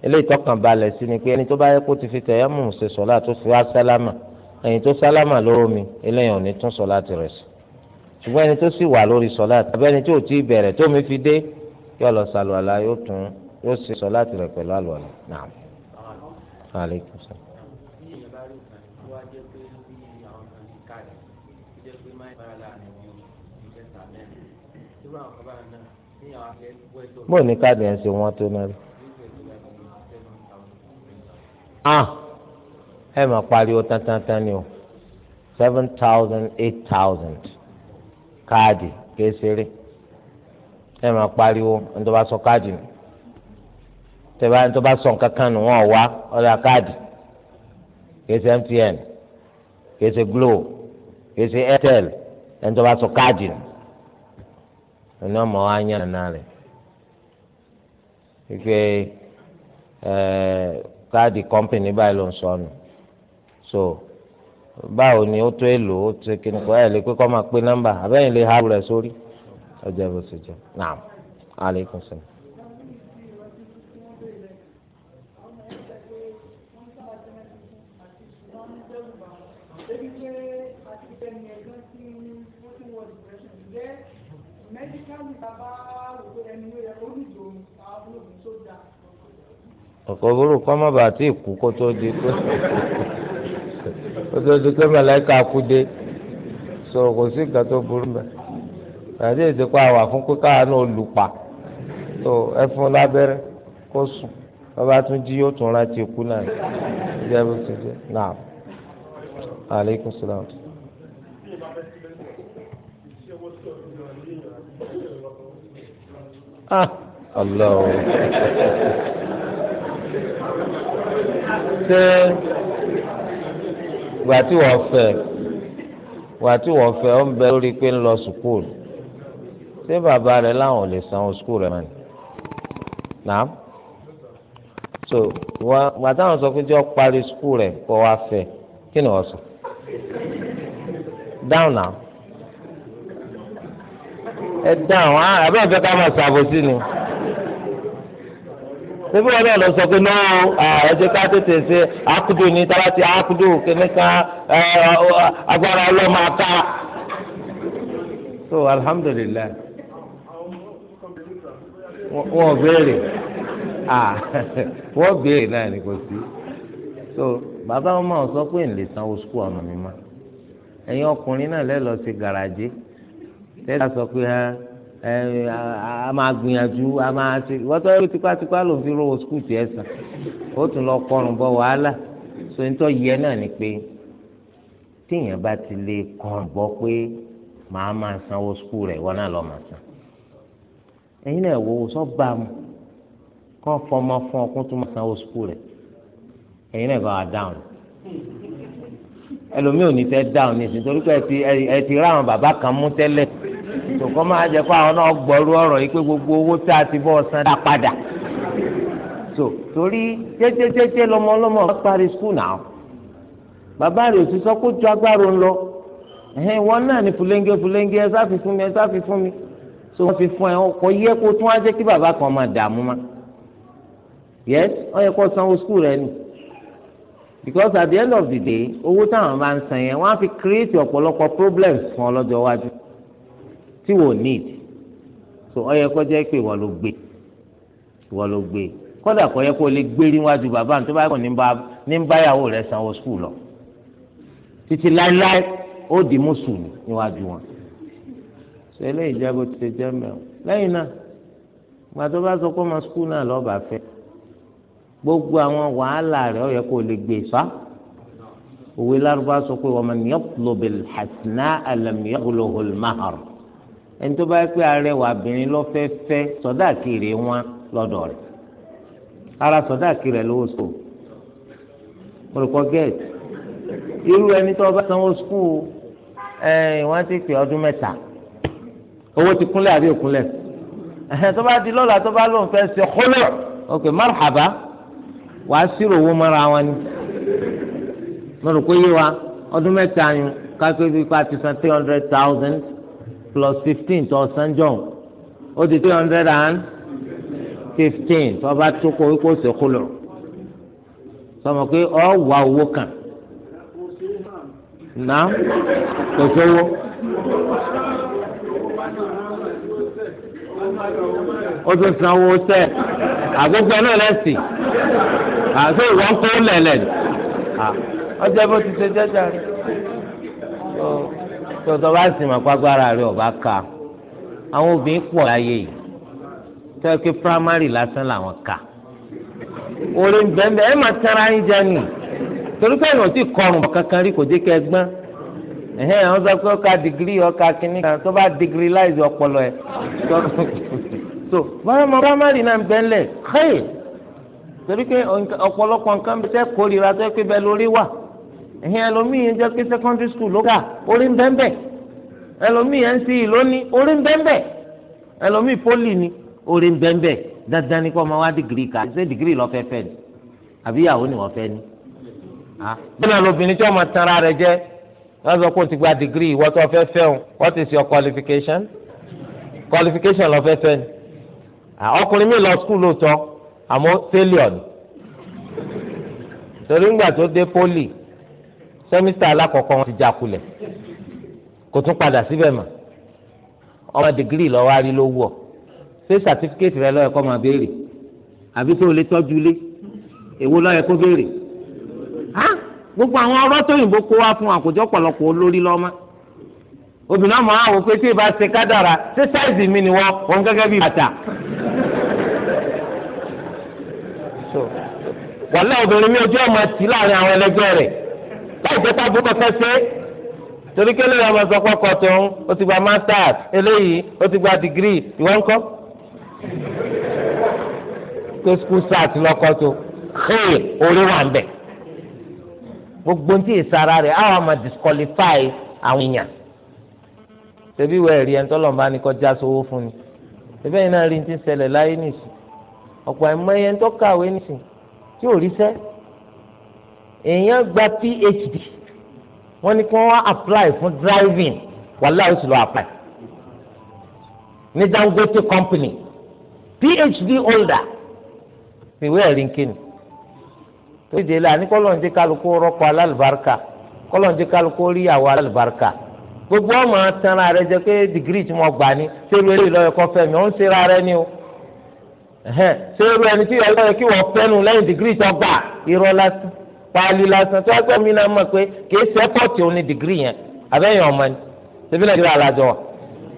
S1: eléyìí tọkàn balẹ̀ sí ni pé ẹni tó bá yẹ kó ti fi tẹ̀yẹ́ mú ṣe sọ̀lá tó fi wá sálámà ẹni tó sálámà ló rómi eléyìí ò ní tún sọ̀lá tirẹ̀ sí ṣùgbọ́n ẹni tó sì wà lórí sọ̀lá àbẹ́ ẹni tó ti bẹ̀rẹ̀ tó mi fi dé yóò lọ sàlùwàlà yóò tún yóò ṣe sọ̀lá tirẹ̀ pẹ̀lú àlùwàlà náà.
S2: irú àwọn kaba náà bó ní káàdì
S1: ẹ̀ ṣe wọ́n tó náà rí. ah ẹ máa pariwo tántántan ni o seven thousand eight thousand káàdì kéṣeré ẹ máa pariwo ẹni tó bá sọ káàdì nù tẹ̀bá ẹni tó bá sọ nǹkan kan nù wọ́n wá ọ̀dà káàdì kéṣe MTN kéṣe Glo kéṣe Airtel ẹni tó bá sọ káàdì nù. ẹni ọmọ wa yàn nana rẹ̀ wípé e, káàdì kọ́mpìnì báyìí ló ń sọnù so báwo ni ó tó èlò ó ti kíni kọ́ ẹ̀ lè pé máa pé nọ́mbà abẹ́yìn lè háwù rẹ̀ sórí ìbùsùn aleykum ọ̀kọ́bùrù kọ́mọ́bà àti ìkú kó tó di pé kó tó di pé kú dé so kò sí nǹkan tó burú mẹ́ àti èsì àwà fún pé káà náà lù pa so kó sùn bàbá tún jí yóò tún rántí ikú náà bó ti náà
S2: aleykum salaam. ah Allah. ṣé ìgbà tí wọ́n fẹ́
S1: ìgbà tí wọ́n fẹ́ ó ń bẹ lórí pé ń lọ sùkúl ṣé bàbá rẹ̀ láwọn ò lè sanwó sùkúl rẹ̀ mọ́ni nàá so wọ́n ìgbà táwọn sọ pé jọ parí sùkúl rẹ̀ kó wá fẹ́ kí ni wọ́n sọ dáhùn náà
S2: ẹ dáhùn ah, àbẹ́ ìfẹ́ ká máa ṣàbòsí ni ṣébí wọn náà lọ sọ
S1: pé náà ẹ jẹ́ ká tètè ṣe àkúdù ní tábàtì àkúdù kìnnìkan agbára ọlọ́mọ ata. so alhamdulilayi
S2: wọn béèrè
S1: wọn béèrè náà ni kò sí so bàbá wọn máa sọ pé ńlẹ sanwó skul ọmọ mi ma ẹ̀yin ọkùnrin náà lẹ lọ sí garaje tẹ́lẹ̀ sọ pé a máa gbìyànjú a máa ṣe wọ́tọ́ yóò tipátipá ló fi rówó skul tiẹ̀ sàn ó tún lọ kọrùn bọ wàhálà so nítorí yẹ náà ni pé téèyàn bá ti lè kọrùn bọ pé màá máa sanwó skul rẹ̀ wọ́n náà lọ́ọ́ máa san ẹ̀yin náà wò ó sọ́ba mu kọ́ fọmọ fún ọkùn tó máa sanwó skul rẹ̀ ẹ̀yin náà bá wà dáhùn ẹlòmíì ò ní fẹ́ dáhùn ní ìsìn torí pé ẹ ti ra àwọn bàbá kan mú tẹ́lẹ̀ kọ́ máa jẹ́ pé àwọn náà gbọ́rú ọ̀rọ̀ yìí pé gbogbo owó tá a ti bọ́ ọ̀sán dá padà so torí jẹ́jẹ́jẹ́jẹ́ lọ́mọ ọlọ́mọ bá parí skul náà bàbá rẹ̀ òsì sọ kó ju agbára ń lọ ẹ̀hìn wọn náà ní fúlẹ́ńgẹ́ fúlẹ́ńgẹ́ ẹ sáfi fún mi ẹ sáfi fún mi so wọ́n fi fún ẹ kò yẹ kó tún á jẹ́ kí bàbá kan máa dààmú ma yes ó yẹ kó sanwó skul rẹ nù because at the end of the day owó táwọn bá ń san yẹn wọ́n á fi create ọ̀pọ̀lọpọ̀ problems fún ọlọ́jọ́ iwájú tí wò ní ìdí so ọ yẹ kó jẹ́ pé ìwọ ló gbé ìwọ ló gbé kódà kó yẹ kó lè gbé níwájú bàbá tó bá kàn ní ń báyàwó rẹ̀ sanwó skul lọ títí láéláé ó di mùsùlùmí níwájú wọn so eléyìí jẹ́ bó ti ṣe jẹ́ mẹ́wọ̀n lẹ́yìn náà gbà tó bá sọ pé ọmọ skul náà lọ́ọ́ bá fẹ́ gbogbo àwọn wàhálà rẹ̀ ọ yẹ kó lè gbé sá. òwe lárúbá sọ pé wọn ni yọkùlọbẹ hasana alamiyakulọhùlmahar ẹni tó bá yẹ pé arẹwà obìnrin lọ fẹ́ fẹ́ sọdáàkì rẹ̀ wọn lọ́dọ̀ rẹ̀ ara sọdáàkì rẹ̀ lówó so olùkọ́ gẹẹsì irú ẹni tó bá sanwó skul ẹ wọ́n ti pè ọdún mẹ́ta owó ti kúnlẹ̀ àbí òkúnlẹ̀ ẹhẹn tó bá di lọ́la tó bá lóun fẹ́ ṣe kọlọ ok marhaba wàá sírò owó mọ́ra wọn ni mo rò pé yé wa ọdún mẹ́ta yìí kápẹ́ pa ti san three hundred thousand plus fifteen tó san jọ̀hún ó di three hundred and fifteen tó bá tó kó kó ṣe kúlò sọmọ pé ọ wà owó kan náà kò sówó. ó tún sanwó sẹ àgbégbé náà lẹsìn àti ìwọ ń kó lẹlẹ
S2: ọjọ́ bó ti ṣe jẹjẹrẹ
S1: tọ́tọ́ bá sì máa pàgbára rẹ̀ ọ̀bá ka àwọn obìnrin pọ̀ láyé yìí tọ́ pé primary lásán làwọn kà orin bẹ́ẹ̀ ẹ máa tẹ́ra yín jẹ́ nù torí pé èèyàn ti kọrùn kankan rí kò jẹ́ kẹ́ ẹ gbọ́n ẹ̀hẹ́n àwọn sọ pé ọkà dìgírì ọkà kìíní kan tó bá dìgírì láìsí ọpọlọ ẹ̀ so báyọ̀ mọ primary náà bẹ́ẹ̀ lẹ̀ xẹ́yì torí pé ọ̀pọ̀lọpọ̀ nǹkan tẹ́ kórìíra tẹ́ pé bẹ́ẹ̀ lórí wà ẹ̀hìn ẹlòmíì jẹ́ pé secondary school ló kà orí ń bẹ́ńbẹ́ ẹlòmíì nce lóní orí ń bẹ́ńbẹ́ ẹlòmíì poli ni orí ń bẹ́ńbẹ́ dandan ni kó ọmọ wa dìgírì ká ṣé dìgírì lọ fẹ́ fẹ́ ni àbí ìyàwó ni wọ́n fẹ́ ni. Ah. bẹ́ẹ̀ náà lobìnrin tí ọmọ tanra rẹ̀ jẹ́ wọ́n sọ pé o ti gba dìgírì ìwọ tó fẹ́ fẹ́ o what is your qualification qualification lọ fẹ́ fẹ́ ni. Ah, ọkùnrin mi lọ skul lóòótọ́ àmọ́ failure ni. torí ńgbà tó dé poli sẹ́mítà alákọ̀ọ́kọ́ wọn ti já kulẹ̀ kò tún padà síbẹ̀ mọ́ ọmọ dìgírì lọ́wọ́ arí ló wọ̀ ṣé sàtífíkẹ́tì rẹ lọ́yẹ̀kọ́ máa béèrè àbí tó o lè tọ́jú ilé èwo lọ́yẹ̀kọ́ béèrè gbogbo àwọn ọ̀rọ̀ tó yìnbó kó wá fún àkójọ pọ̀lọpọ̀ olórí lọ́mọ obìnrin àmọ́ àwọn pé tí ì bá ṣe kádàrà ṣé sáìzì mi ni wọ́n wọ́n gẹ́gẹ́ bí bàtà.
S2: wàhálà obìnrin mi ojú ọmọ ti láàrin àwọn ẹlẹgbẹ́ rẹ̀ jẹ́ káàbù kọ́kẹ́ ṣe torí
S1: kí eléyìí ọmọ sọpọ́ kọ tóun ó ti gba masters eléyìí ó ti gba degree ìwọ ńkọ́ tó school start lọ́kọ́ tó xèè orí wà ń bẹ̀ gbogbo ntí ìsara rẹ̀ àwọn ọmọ disqualify àwọn èèyàn tẹbi wẹ́ẹ̀ rí ẹni tọ́lọ̀ máa ní kọjá sówó fún ni tẹbi ẹ̀yin náà rí ti ń ṣẹlẹ̀ láyé nìsín ọ̀pọ̀ ẹ̀mọ́ ẹ̀yẹn tó kàwé nìsín tí ò rí sẹ́ẹ́ èèyàn gba phd wọ́n ní kí wọ́n wá apply fún driving wàhálà oṣù lọ apply ní Dangote company phd holder ìwé ẹ̀rí ń kéne tó dé la ní kọ́lọ́n jẹ́ kálukú rọ́pò alálùbáríkà kọ́lọ́n jẹ́ kálukú ríyàwó alálùbáríkà gbogbo ọmọ tanra rẹ jẹ pé dìgírì tí mo gbà ní sẹ́rù eré ìlọ́yẹ̀ kọ́ fẹ́ mi ó ń sera rẹ ni o sẹ́rù ẹni tí ìyá ìlọ́yẹ̀ kí wọ́n fẹ́ nu lẹ́yìn dìgírì tó gbà irọ́ lásán paali lásán tó ẹgbẹ́ mi náà mọ̀ pé kìí ṣe ẹ́pọ̀tì òun ní dìgírì yẹn abẹ́yẹn ọmọ ni ṣẹbi nàìjíríà alájọ wa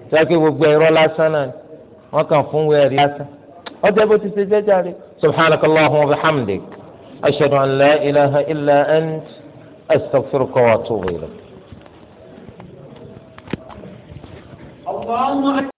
S1: tó ẹgbẹ́ gbogbo ẹ̀rọ lásán náà ni wọ́n kàn fún wẹ́ẹ̀rí lásán ọjọ́ bó ti ṣe jẹ́jà rẹ̀ subhanaka allahumma wa bihamdik ashhadu an la ilaha illa ant astaghfiruka wa atubu